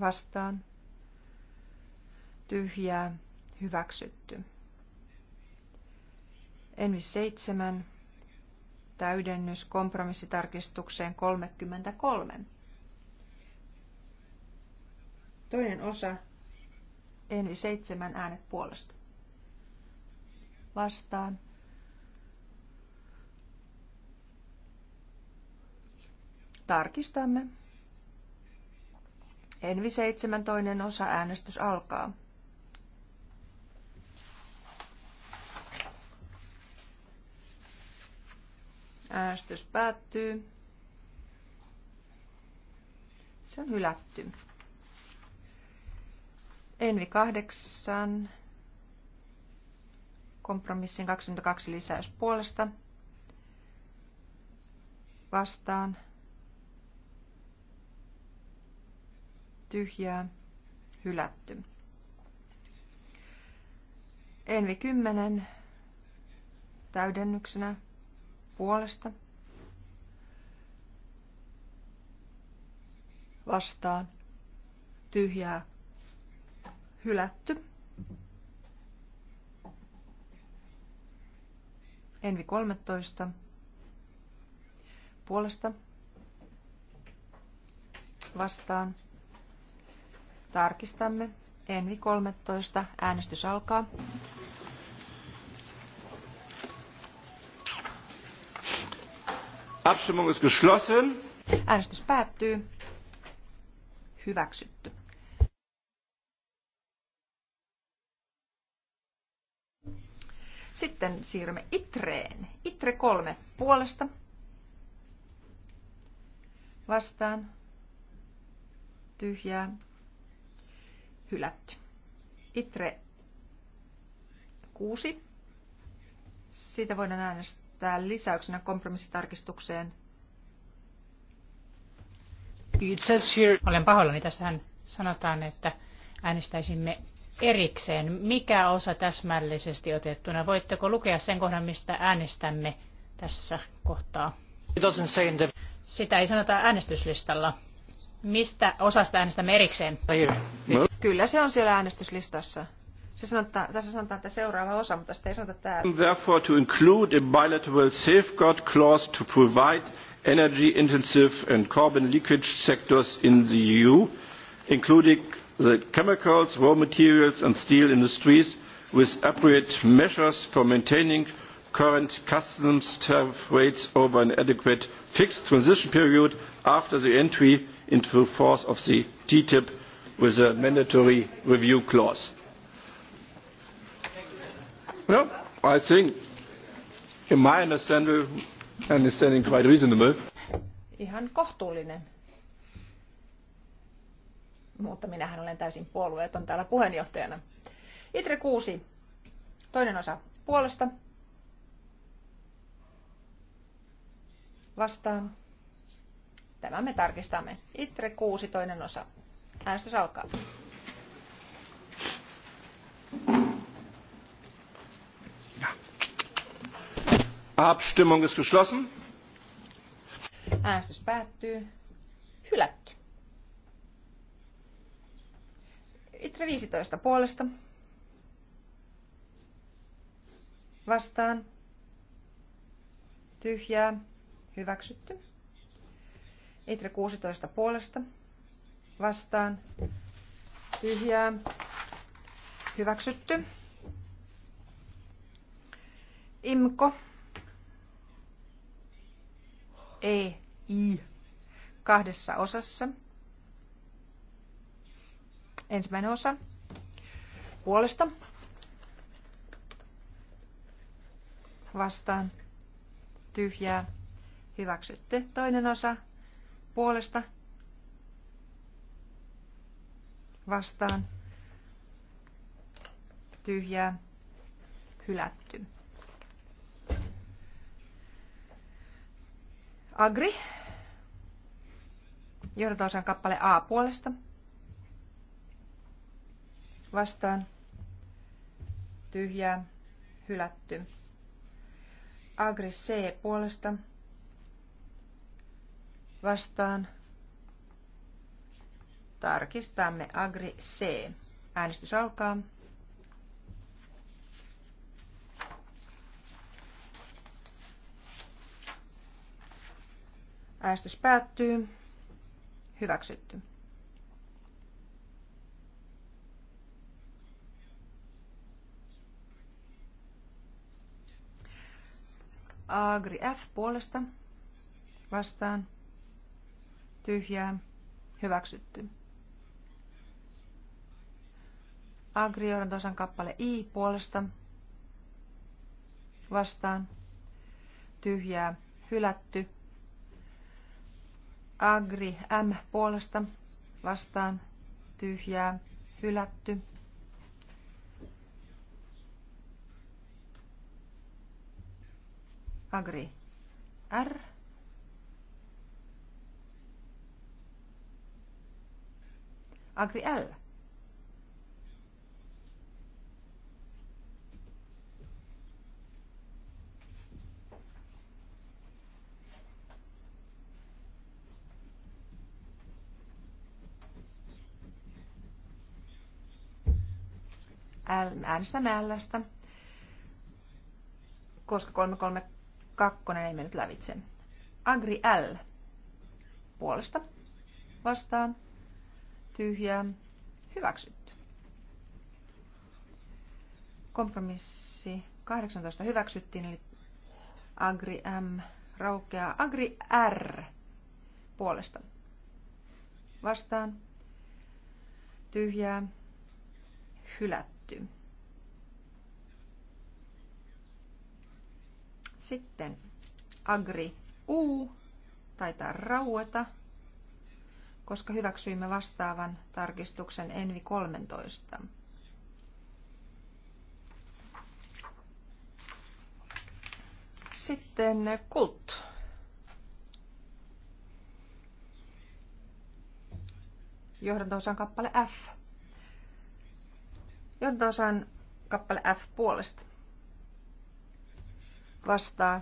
vastaan tyhjää, hyväksytty. Envi 7, täydennys kompromissitarkistukseen 33. Toinen osa, Envi 7, äänet puolesta. Vastaan. Tarkistamme. Envi 7, toinen osa, äänestys alkaa. Äänestys päättyy. Se on hylätty. Envi 8. Kompromissin 22 lisäys puolesta. Vastaan. Tyhjää. Hylätty. Envi 10. Täydennyksenä puolesta. Vastaan. Tyhjää. Hylätty. Envi 13. Puolesta. Vastaan. Tarkistamme. Envi 13. Äänestys alkaa. Abstimmung ist geschlossen. Äänestys päättyy. Hyväksytty. Sitten siirrymme Itreen. Itre kolme puolesta. Vastaan. Tyhjää. Hylätty. Itre kuusi. Siitä voidaan äänestää esittää lisäyksenä kompromissitarkistukseen? It says here... Olen pahoillani. Tässähän sanotaan, että äänestäisimme erikseen. Mikä osa täsmällisesti otettuna? Voitteko lukea sen kohdan, mistä äänestämme tässä kohtaa? Sitä ei sanota äänestyslistalla. Mistä osasta äänestämme erikseen? Kyllä se on siellä äänestyslistassa. Se tässä sanotaan, että seuraava osa, mutta sitä ei sanota täällä. Therefore to include a bilateral safeguard clause to provide energy intensive and carbon leakage sectors in the EU, including the chemicals, raw materials and steel industries with appropriate measures for maintaining current customs tariff rates over an adequate fixed transition period after the entry into force of the TTIP with a mandatory review clause. No, I think, in my understanding, understanding quite reasonable. Ihan kohtuullinen. Mutta minähän olen täysin puolueeton täällä puheenjohtajana. Itre 6, toinen osa puolesta. Vastaan. Tämä me tarkistamme. Itre 6, toinen osa. Äänestys alkaa. Abstimmung ist geschlossen. Äänestys päättyy. Hylätty. Itre 15 puolesta. Vastaan. Tyhjää. Hyväksytty. Itre 16 puolesta. Vastaan. Tyhjää. Hyväksytty. Imko E, I kahdessa osassa. Ensimmäinen osa puolesta vastaan tyhjää hyväksytty. Toinen osa puolesta vastaan tyhjää hylätty. Agri. Johdatonsan kappale A puolesta. Vastaan. Tyhjää. Hylätty. Agri C puolesta. Vastaan. Tarkistamme Agri C. Äänestys alkaa. Äänestys päättyy. Hyväksytty. Agri F puolesta vastaan. Tyhjää. Hyväksytty. Agri osan kappale I puolesta vastaan. Tyhjää. Hylätty. Agri M puolesta vastaan tyhjää hylätty. Agri R. Agri L äänestämme Lstä, koska 332 ei mennyt lävitse. Agri L puolesta vastaan tyhjää hyväksytty. Kompromissi 18 hyväksyttiin, eli Agri M raukeaa. Agri R puolesta vastaan tyhjää hylätty. Hylätty. Sitten Agri U taitaa raueta, koska hyväksyimme vastaavan tarkistuksen Envi 13. Sitten Kult. Johdantosan kappale F osaan kappale F puolesta. Vastaa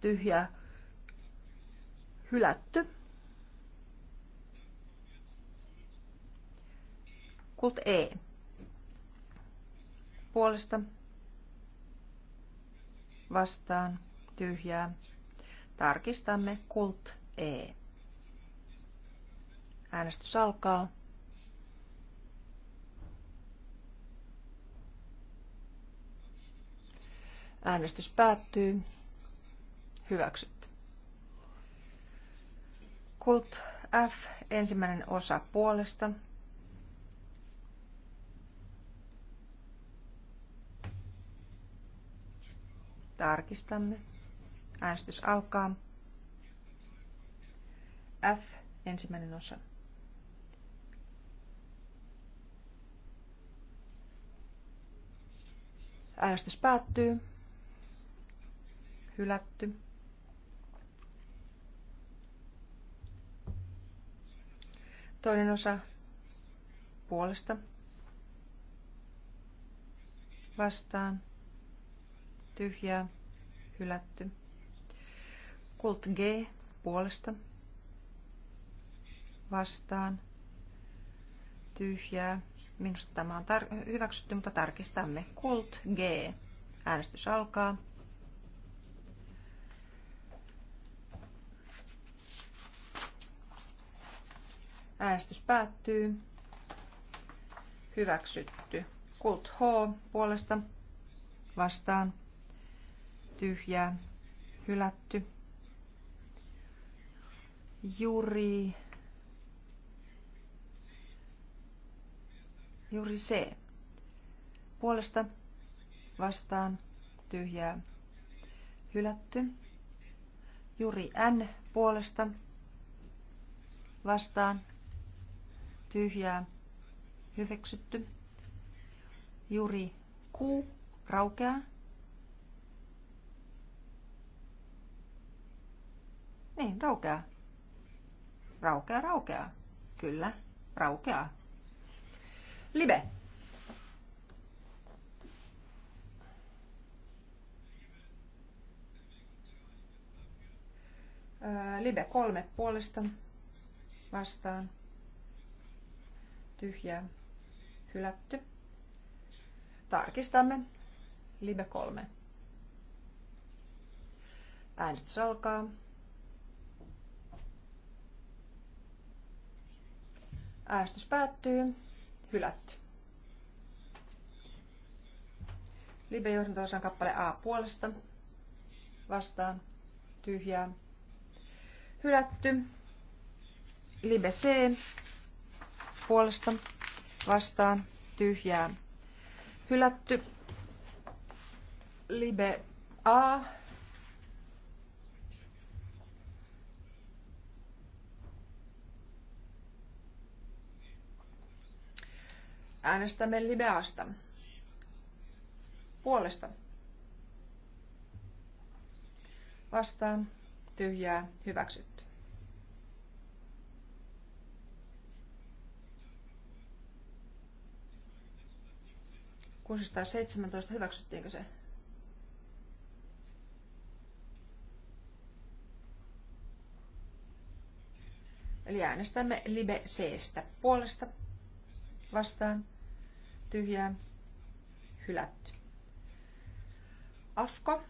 tyhjä hylätty. Kult E puolesta vastaan tyhjää. Tarkistamme kult E. Äänestys alkaa. Äänestys päättyy. Hyväksytty. Kult F, ensimmäinen osa puolesta. Tarkistamme. Äänestys alkaa. F, ensimmäinen osa. Äänestys päättyy. Hylätty. Toinen osa puolesta. Vastaan. Tyhjää. Hylätty. Kult G puolesta. Vastaan. Tyhjää. Minusta tämä on hyväksytty, mutta tarkistamme. Kult G. Äänestys alkaa. Äänestys päättyy. Hyväksytty. Kult H puolesta vastaan. Tyhjää. Hylätty. Juri. Juri C. Puolesta vastaan. Tyhjää. Hylätty. Juri N puolesta vastaan tyhjää, hyväksytty. Juri kuu, raukeaa. Niin, raukeaa. Raukeaa, raukeaa. Kyllä, raukeaa. Libe. Libe kolme puolesta vastaan tyhjää, hylätty. Tarkistamme. Libe 3. Äänestys alkaa. Äänestys päättyy. Hylätty. Libe-johdantoosan kappale A puolesta. Vastaan. Tyhjää. Hylätty. Libe C puolesta vastaan tyhjää hylätty. Libe A. Äänestämme Libeasta. Puolesta. Vastaan. Tyhjää. Hyväksytty. 617, hyväksyttiinkö se? Eli äänestämme Libe Cstä puolesta vastaan tyhjää hylätty. Afko.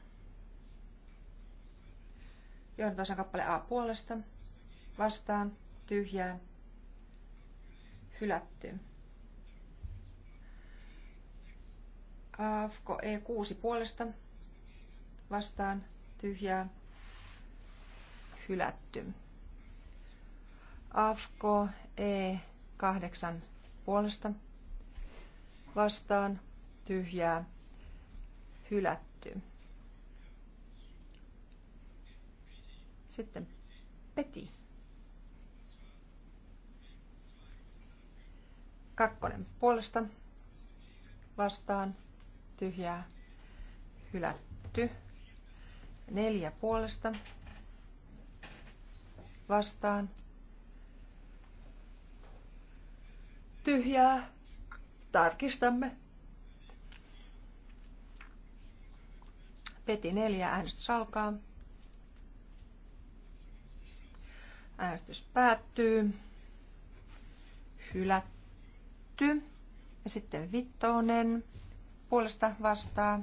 Johdantosan kappale A puolesta vastaan tyhjää hylätty. Afko E6 puolesta vastaan tyhjää hylätty. Afko E8 puolesta vastaan tyhjää hylätty. Sitten Peti. Kakkonen puolesta vastaan tyhjää, hylätty. Neljä puolesta vastaan. Tyhjää. Tarkistamme. Peti neljä, äänestys alkaa. Äänestys päättyy. Hylätty. Ja sitten vittonen puolesta vastaa,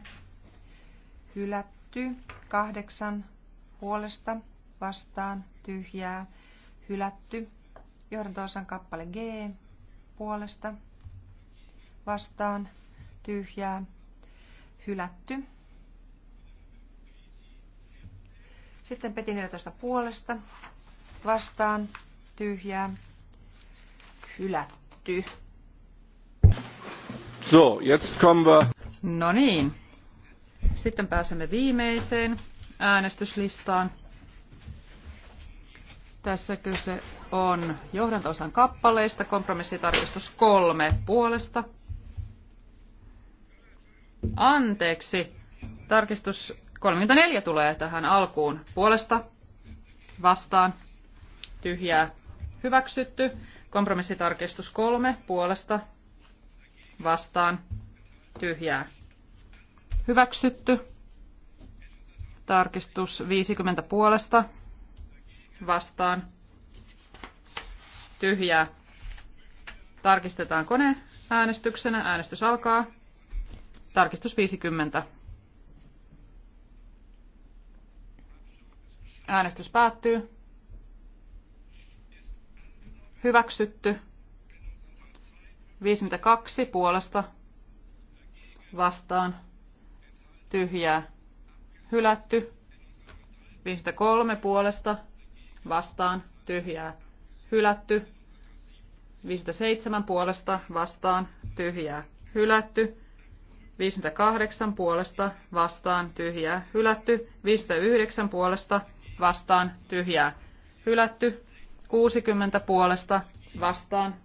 hylätty. Kahdeksan puolesta vastaan tyhjää hylätty. Johdantoosan kappale G puolesta vastaan tyhjää hylätty. Sitten peti 14 puolesta vastaan tyhjää hylätty. So, jetzt kommen wir No niin, sitten pääsemme viimeiseen äänestyslistaan. Tässä kyse on johdantosan kappaleista, kompromissitarkistus kolme puolesta. Anteeksi, tarkistus 34 tulee tähän alkuun puolesta vastaan. Tyhjää hyväksytty. Kompromissitarkistus kolme puolesta vastaan tyhjää. Hyväksytty. Tarkistus 50 puolesta vastaan tyhjää. Tarkistetaan kone äänestyksenä. Äänestys alkaa. Tarkistus 50. Äänestys päättyy. Hyväksytty. 52 puolesta vastaan tyhjää hylätty. 53 puolesta vastaan tyhjää hylätty. 57 puolesta vastaan tyhjää hylätty. 58 puolesta vastaan tyhjää hylätty. 59 puolesta vastaan tyhjää hylätty. 60 puolesta vastaan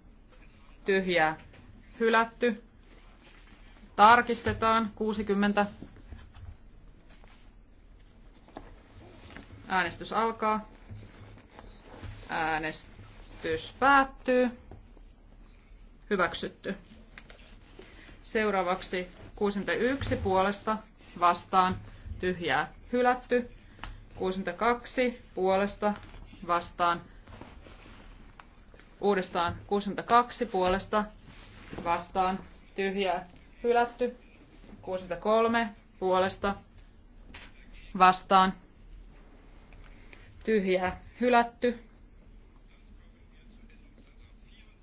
tyhjää hylätty. Tarkistetaan 60. Äänestys alkaa. Äänestys päättyy. Hyväksytty. Seuraavaksi 61 puolesta vastaan tyhjää hylätty. 62 puolesta vastaan uudestaan 62 puolesta vastaan tyhjää hylätty. 63 puolesta vastaan tyhjää hylätty.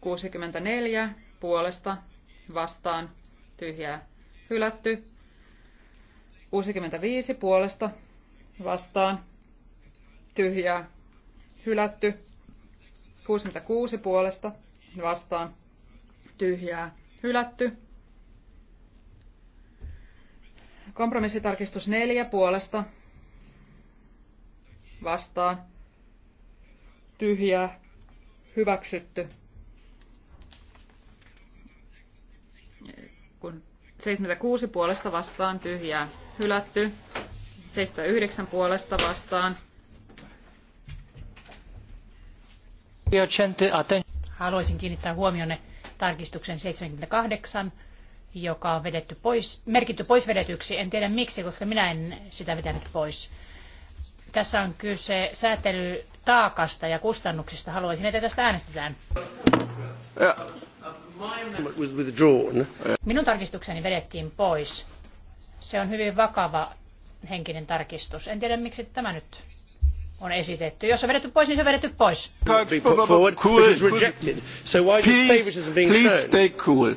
64 puolesta vastaan tyhjää hylätty. 65 puolesta vastaan tyhjää hylätty. 66 puolesta vastaan tyhjää hylätty. Kompromissitarkistus neljä puolesta vastaan tyhjää hyväksytty. Kun 76 puolesta vastaan tyhjää hylätty, 79 puolesta vastaan Haluaisin kiinnittää huomionne tarkistuksen 78 joka on vedetty pois, merkitty pois vedetyksi. En tiedä miksi, koska minä en sitä vetänyt pois. Tässä on kyse taakasta ja kustannuksista. Haluaisin, että tästä äänestetään. Minun tarkistukseni vedettiin pois. Se on hyvin vakava henkinen tarkistus. En tiedä, miksi tämä nyt on esitetty. Jos on vedetty pois, niin se on vedetty pois. Please, please stay Cool.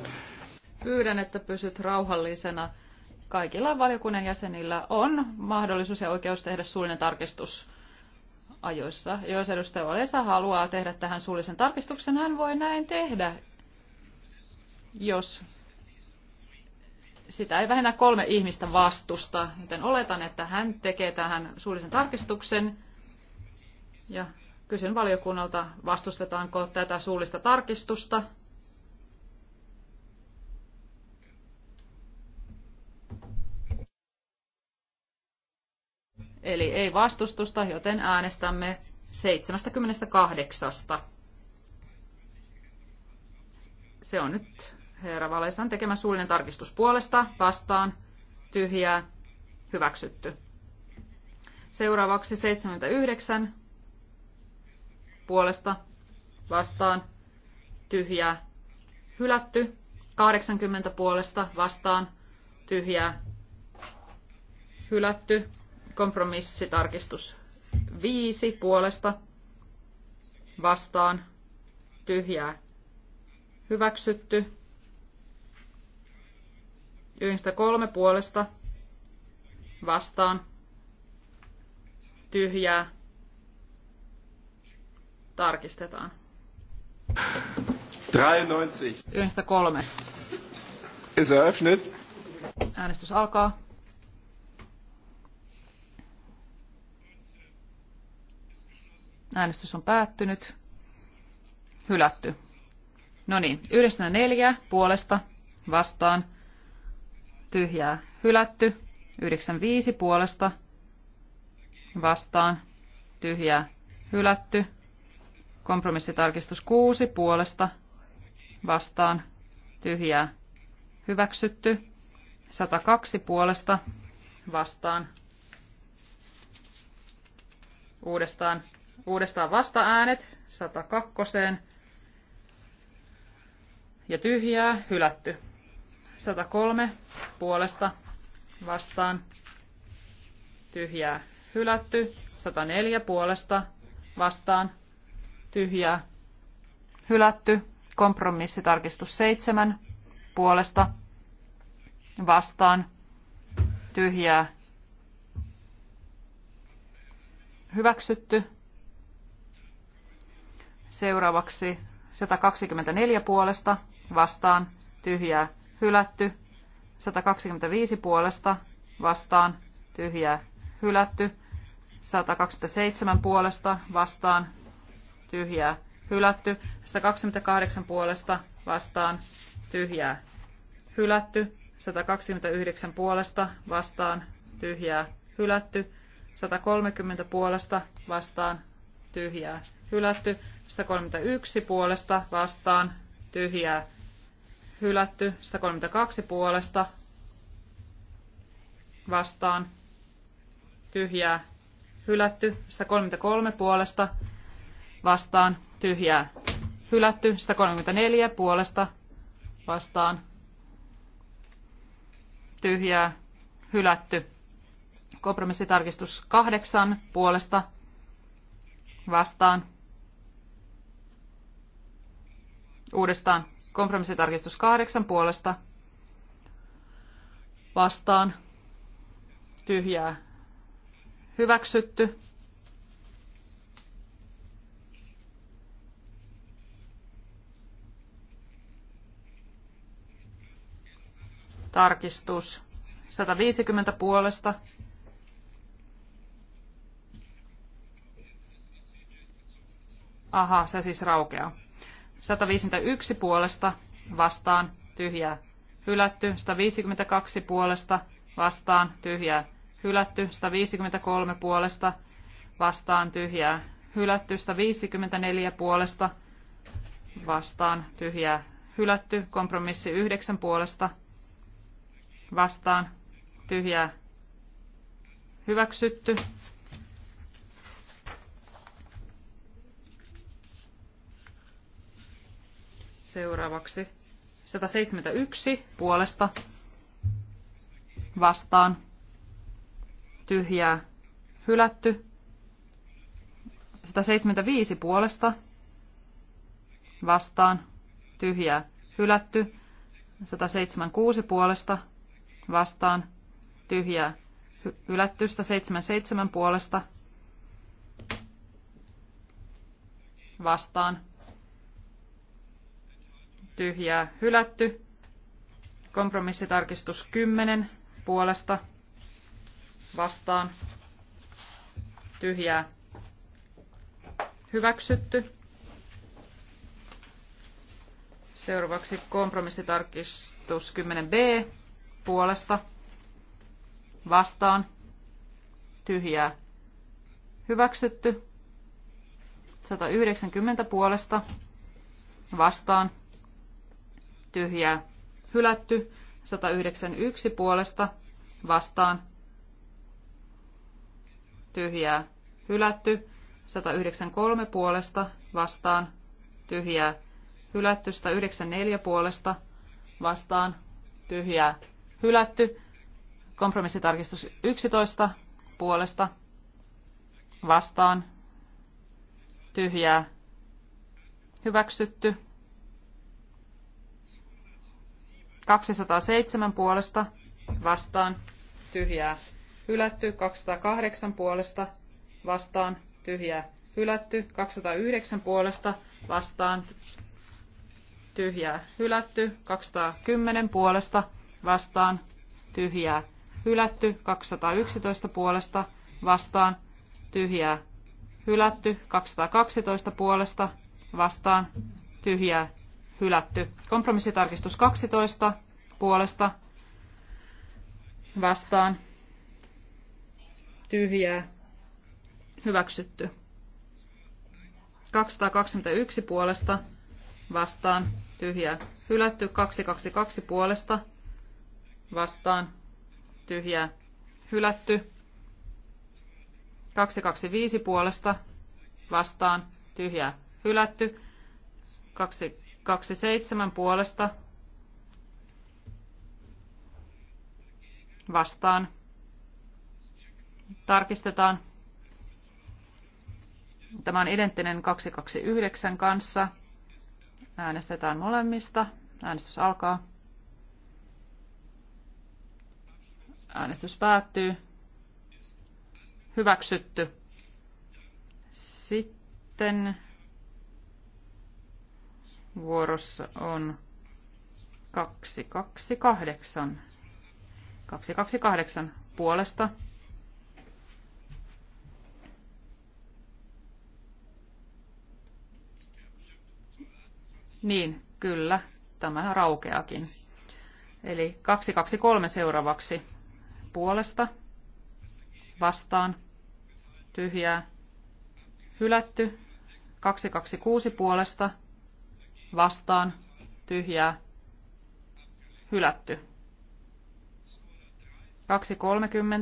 Pyydän, että pysyt rauhallisena. Kaikilla valiokunnan jäsenillä on mahdollisuus ja oikeus tehdä suullinen tarkistus ajoissa. Jos edustaja Olesa haluaa tehdä tähän suullisen tarkistuksen, hän voi näin tehdä, jos sitä ei vähennä kolme ihmistä vastusta, joten oletan, että hän tekee tähän suullisen tarkistuksen. Ja kysyn valiokunnalta, vastustetaanko tätä suullista tarkistusta. Eli ei vastustusta, joten äänestämme 78. Se on nyt herra Valesan tekemä suullinen tarkistus puolesta, vastaan, tyhjää, hyväksytty. Seuraavaksi 79 puolesta, vastaan, tyhjää, hylätty. 80 puolesta, vastaan, tyhjää, hylätty. Kompromissitarkistus 5 puolesta vastaan tyhjää hyväksytty. Yhdestä kolme puolesta vastaan tyhjää tarkistetaan. 93. Yhdestä kolme. eröffnet. Äänestys alkaa. Äänestys on päättynyt. Hylätty. No niin, yhdestä neljä puolesta vastaan. Tyhjää hylätty. 95 puolesta vastaan. Tyhjää hylätty. Kompromissitarkistus 6 puolesta vastaan. Tyhjää hyväksytty. 102 puolesta vastaan. Uudestaan Uudestaan vasta-äänet 102 ja tyhjää hylätty. 103 puolesta vastaan tyhjää hylätty. 104 puolesta vastaan tyhjää hylätty. Kompromissitarkistus 7 puolesta vastaan tyhjää hyväksytty. Seuraavaksi 124 puolesta vastaan tyhjää hylätty. 125 puolesta vastaan tyhjää hylätty. 127 puolesta vastaan tyhjää hylätty. 128 puolesta vastaan tyhjää hylätty. 129 puolesta vastaan tyhjää hylätty. 130 puolesta vastaan tyhjää hylätty. 131 puolesta vastaan tyhjää hylätty. 132 puolesta vastaan tyhjää hylätty. 133 puolesta vastaan tyhjää hylätty. 134 puolesta vastaan tyhjää hylätty. Kompromissitarkistus 8 puolesta vastaan. Uudestaan kompromissitarkistus kahdeksan puolesta vastaan. Tyhjää hyväksytty. Tarkistus 150 puolesta Aha, se siis raukeaa. 151 puolesta vastaan tyhjää hylätty. 152 puolesta vastaan tyhjää hylätty. 153 puolesta vastaan tyhjää hylätty. 154 puolesta vastaan tyhjää hylätty. Kompromissi 9 puolesta vastaan tyhjää hyväksytty. Seuraavaksi 171 puolesta vastaan tyhjää hylätty. 175 puolesta vastaan tyhjää hylätty. 176 puolesta vastaan tyhjää hylätty. 177 puolesta vastaan tyhjää hylätty. Kompromissitarkistus 10 puolesta vastaan tyhjää hyväksytty. Seuraavaksi kompromissitarkistus 10b puolesta vastaan tyhjää hyväksytty. 190 puolesta vastaan tyhjää hylätty, 191 puolesta vastaan tyhjää hylätty, 193 puolesta vastaan tyhjää hylätty, 194 puolesta vastaan tyhjää hylätty, kompromissitarkistus 11 puolesta vastaan tyhjää hyväksytty. 207 puolesta vastaan tyhjää hylätty, 208 puolesta vastaan tyhjää hylätty, 209 puolesta vastaan tyhjää hylätty, 210 puolesta vastaan tyhjää hylätty, 211 puolesta vastaan tyhjää hylätty, 212 puolesta vastaan tyhjää hylätty. Kompromissitarkistus 12 puolesta vastaan tyhjää hyväksytty. 221 puolesta vastaan tyhjää hylätty. 222 puolesta vastaan tyhjää hylätty. 225 puolesta vastaan tyhjää hylätty. 2 27 puolesta vastaan. Tarkistetaan. Tämä on identtinen 229 kanssa. Äänestetään molemmista. Äänestys alkaa. Äänestys päättyy. Hyväksytty. Sitten Vuorossa on 228. 228 puolesta. Niin, kyllä, tämä raukeakin. Eli 223 seuraavaksi puolesta, vastaan, tyhjää, hylätty, 226 puolesta, vastaan, tyhjää, hylätty.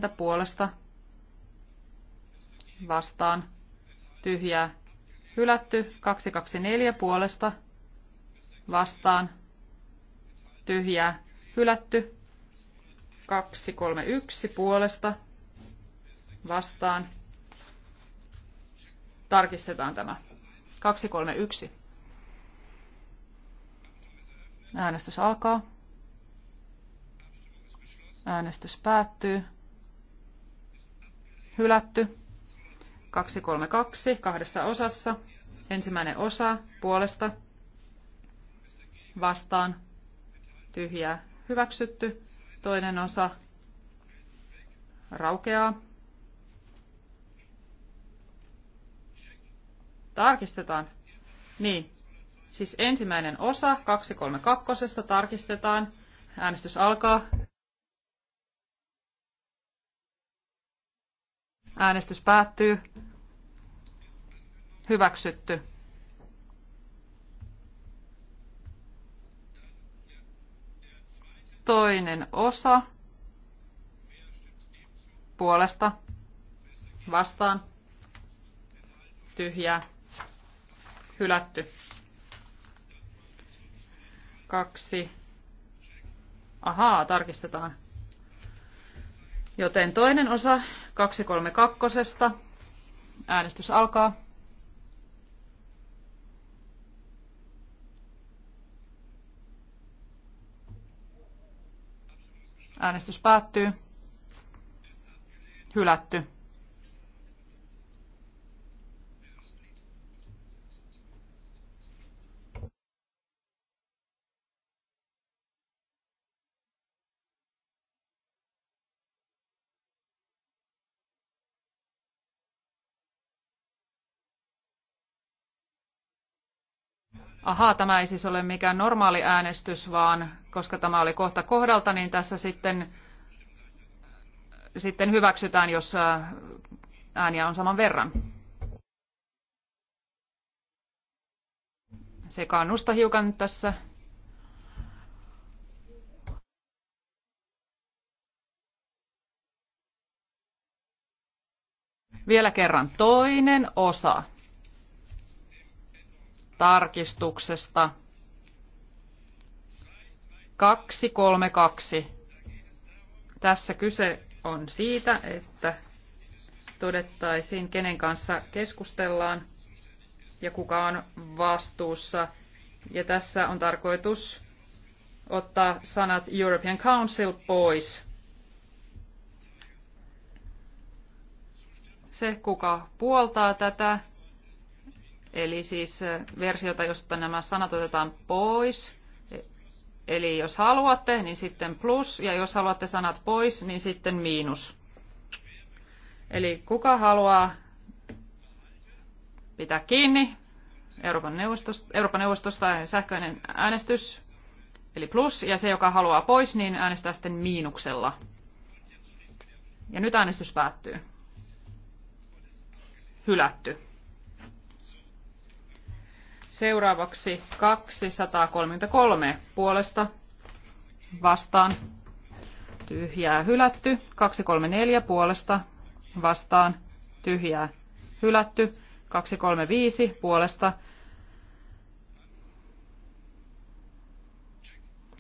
2.30 puolesta, vastaan, tyhjää, hylätty. 2.24 puolesta, vastaan, tyhjää, hylätty. 231 puolesta vastaan. Tarkistetaan tämä. 231. Äänestys alkaa. Äänestys päättyy. Hylätty. 232 kahdessa osassa. Ensimmäinen osa puolesta. Vastaan. Tyhjää. Hyväksytty. Toinen osa raukeaa. Tarkistetaan. Niin, Siis ensimmäinen osa 232 tarkistetaan. Äänestys alkaa. Äänestys päättyy. Hyväksytty. Toinen osa puolesta vastaan tyhjää hylätty kaksi. Ahaa, tarkistetaan. Joten toinen osa 232. Äänestys alkaa. Äänestys päättyy. Hylätty. ahaa, tämä ei siis ole mikään normaali äänestys, vaan koska tämä oli kohta kohdalta, niin tässä sitten, sitten hyväksytään, jos äh, ääniä on saman verran. kannusta hiukan tässä. Vielä kerran toinen osa tarkistuksesta 232. Tässä kyse on siitä, että todettaisiin, kenen kanssa keskustellaan ja kuka on vastuussa. Ja tässä on tarkoitus ottaa sanat European Council pois. Se, kuka puoltaa tätä, Eli siis versiota, josta nämä sanat otetaan pois. Eli jos haluatte, niin sitten plus, ja jos haluatte sanat pois, niin sitten miinus. Eli kuka haluaa pitää kiinni Euroopan neuvostosta, Euroopan neuvostosta sähköinen äänestys, eli plus, ja se, joka haluaa pois, niin äänestää sitten miinuksella. Ja nyt äänestys päättyy. Hylätty. Seuraavaksi 233 puolesta vastaan. Tyhjää hylätty. 234 puolesta vastaan. Tyhjää hylätty. 235 puolesta.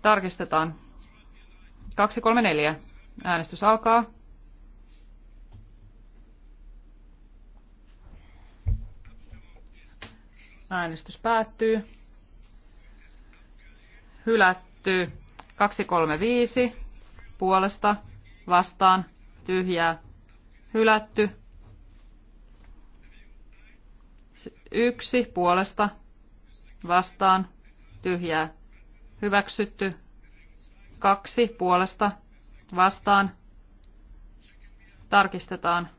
Tarkistetaan. 234. Äänestys alkaa. Äänestys päättyy. Hylätty. 235 puolesta vastaan tyhjää hylätty. Yksi puolesta vastaan tyhjää hyväksytty. Kaksi puolesta vastaan tarkistetaan.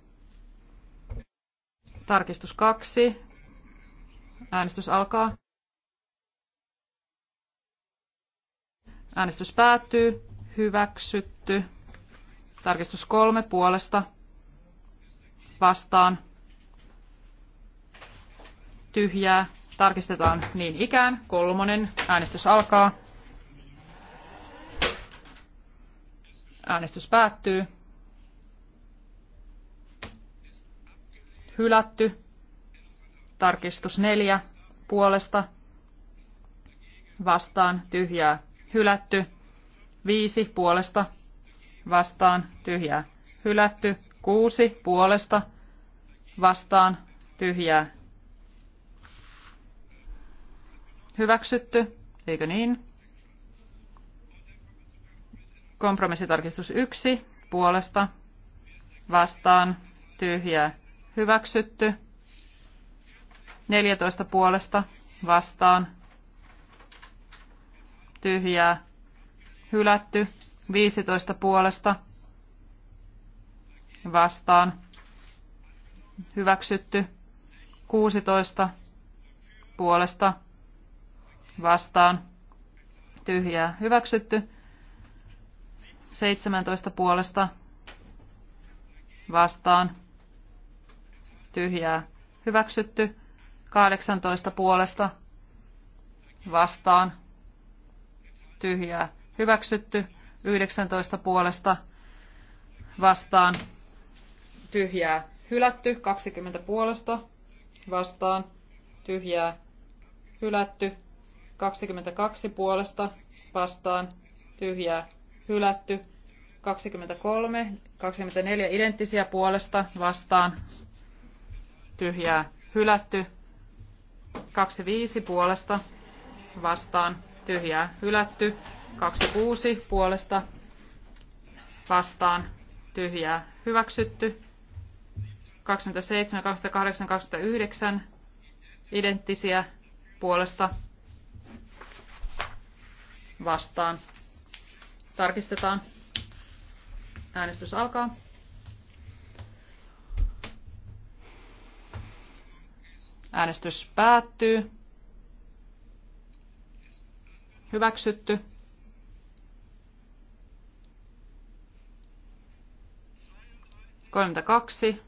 Tarkistus kaksi. Äänestys alkaa. Äänestys päättyy. Hyväksytty. Tarkistus kolme puolesta. Vastaan. Tyhjää. Tarkistetaan niin ikään. Kolmonen. Äänestys alkaa. Äänestys päättyy. Hylätty. Tarkistus 4 puolesta vastaan tyhjää hylätty. 5 puolesta vastaan tyhjää hylätty. 6 puolesta vastaan tyhjää hyväksytty, eikö niin? Kompromissitarkistus 1 puolesta vastaan tyhjää hyväksytty. 14 puolesta vastaan tyhjää hylätty. 15 puolesta vastaan hyväksytty. 16 puolesta vastaan tyhjää hyväksytty. 17 puolesta vastaan tyhjää hyväksytty. 18 puolesta vastaan tyhjää hyväksytty. 19 puolesta vastaan tyhjää hylätty. 20 puolesta vastaan tyhjää hylätty. 22 puolesta vastaan tyhjää hylätty. 23, 24 identtisiä puolesta vastaan tyhjää hylätty. 25 puolesta vastaan tyhjää hylätty. 26 puolesta vastaan tyhjää hyväksytty. 27, 28, 29 identtisiä puolesta vastaan. Tarkistetaan. Äänestys alkaa. Äänestys päättyy. Hyväksytty. kaksi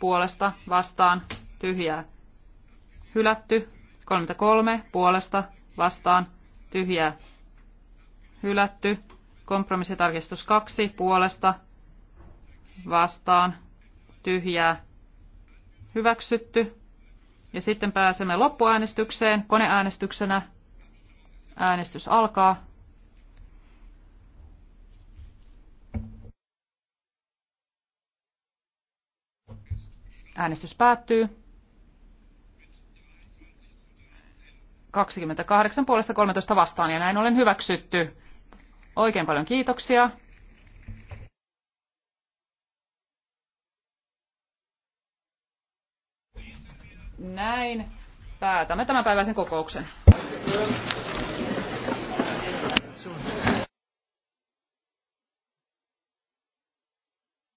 Puolesta vastaan tyhjää. Hylätty. kolme Puolesta vastaan tyhjää. Hylätty. Kompromissitarkistus kaksi Puolesta vastaan tyhjää Hyväksytty. Ja sitten pääsemme loppuäänestykseen koneäänestyksenä. Äänestys alkaa. Äänestys päättyy. 28 puolesta 13 vastaan ja näin olen hyväksytty. Oikein paljon kiitoksia. näin päätämme tämänpäiväisen kokouksen.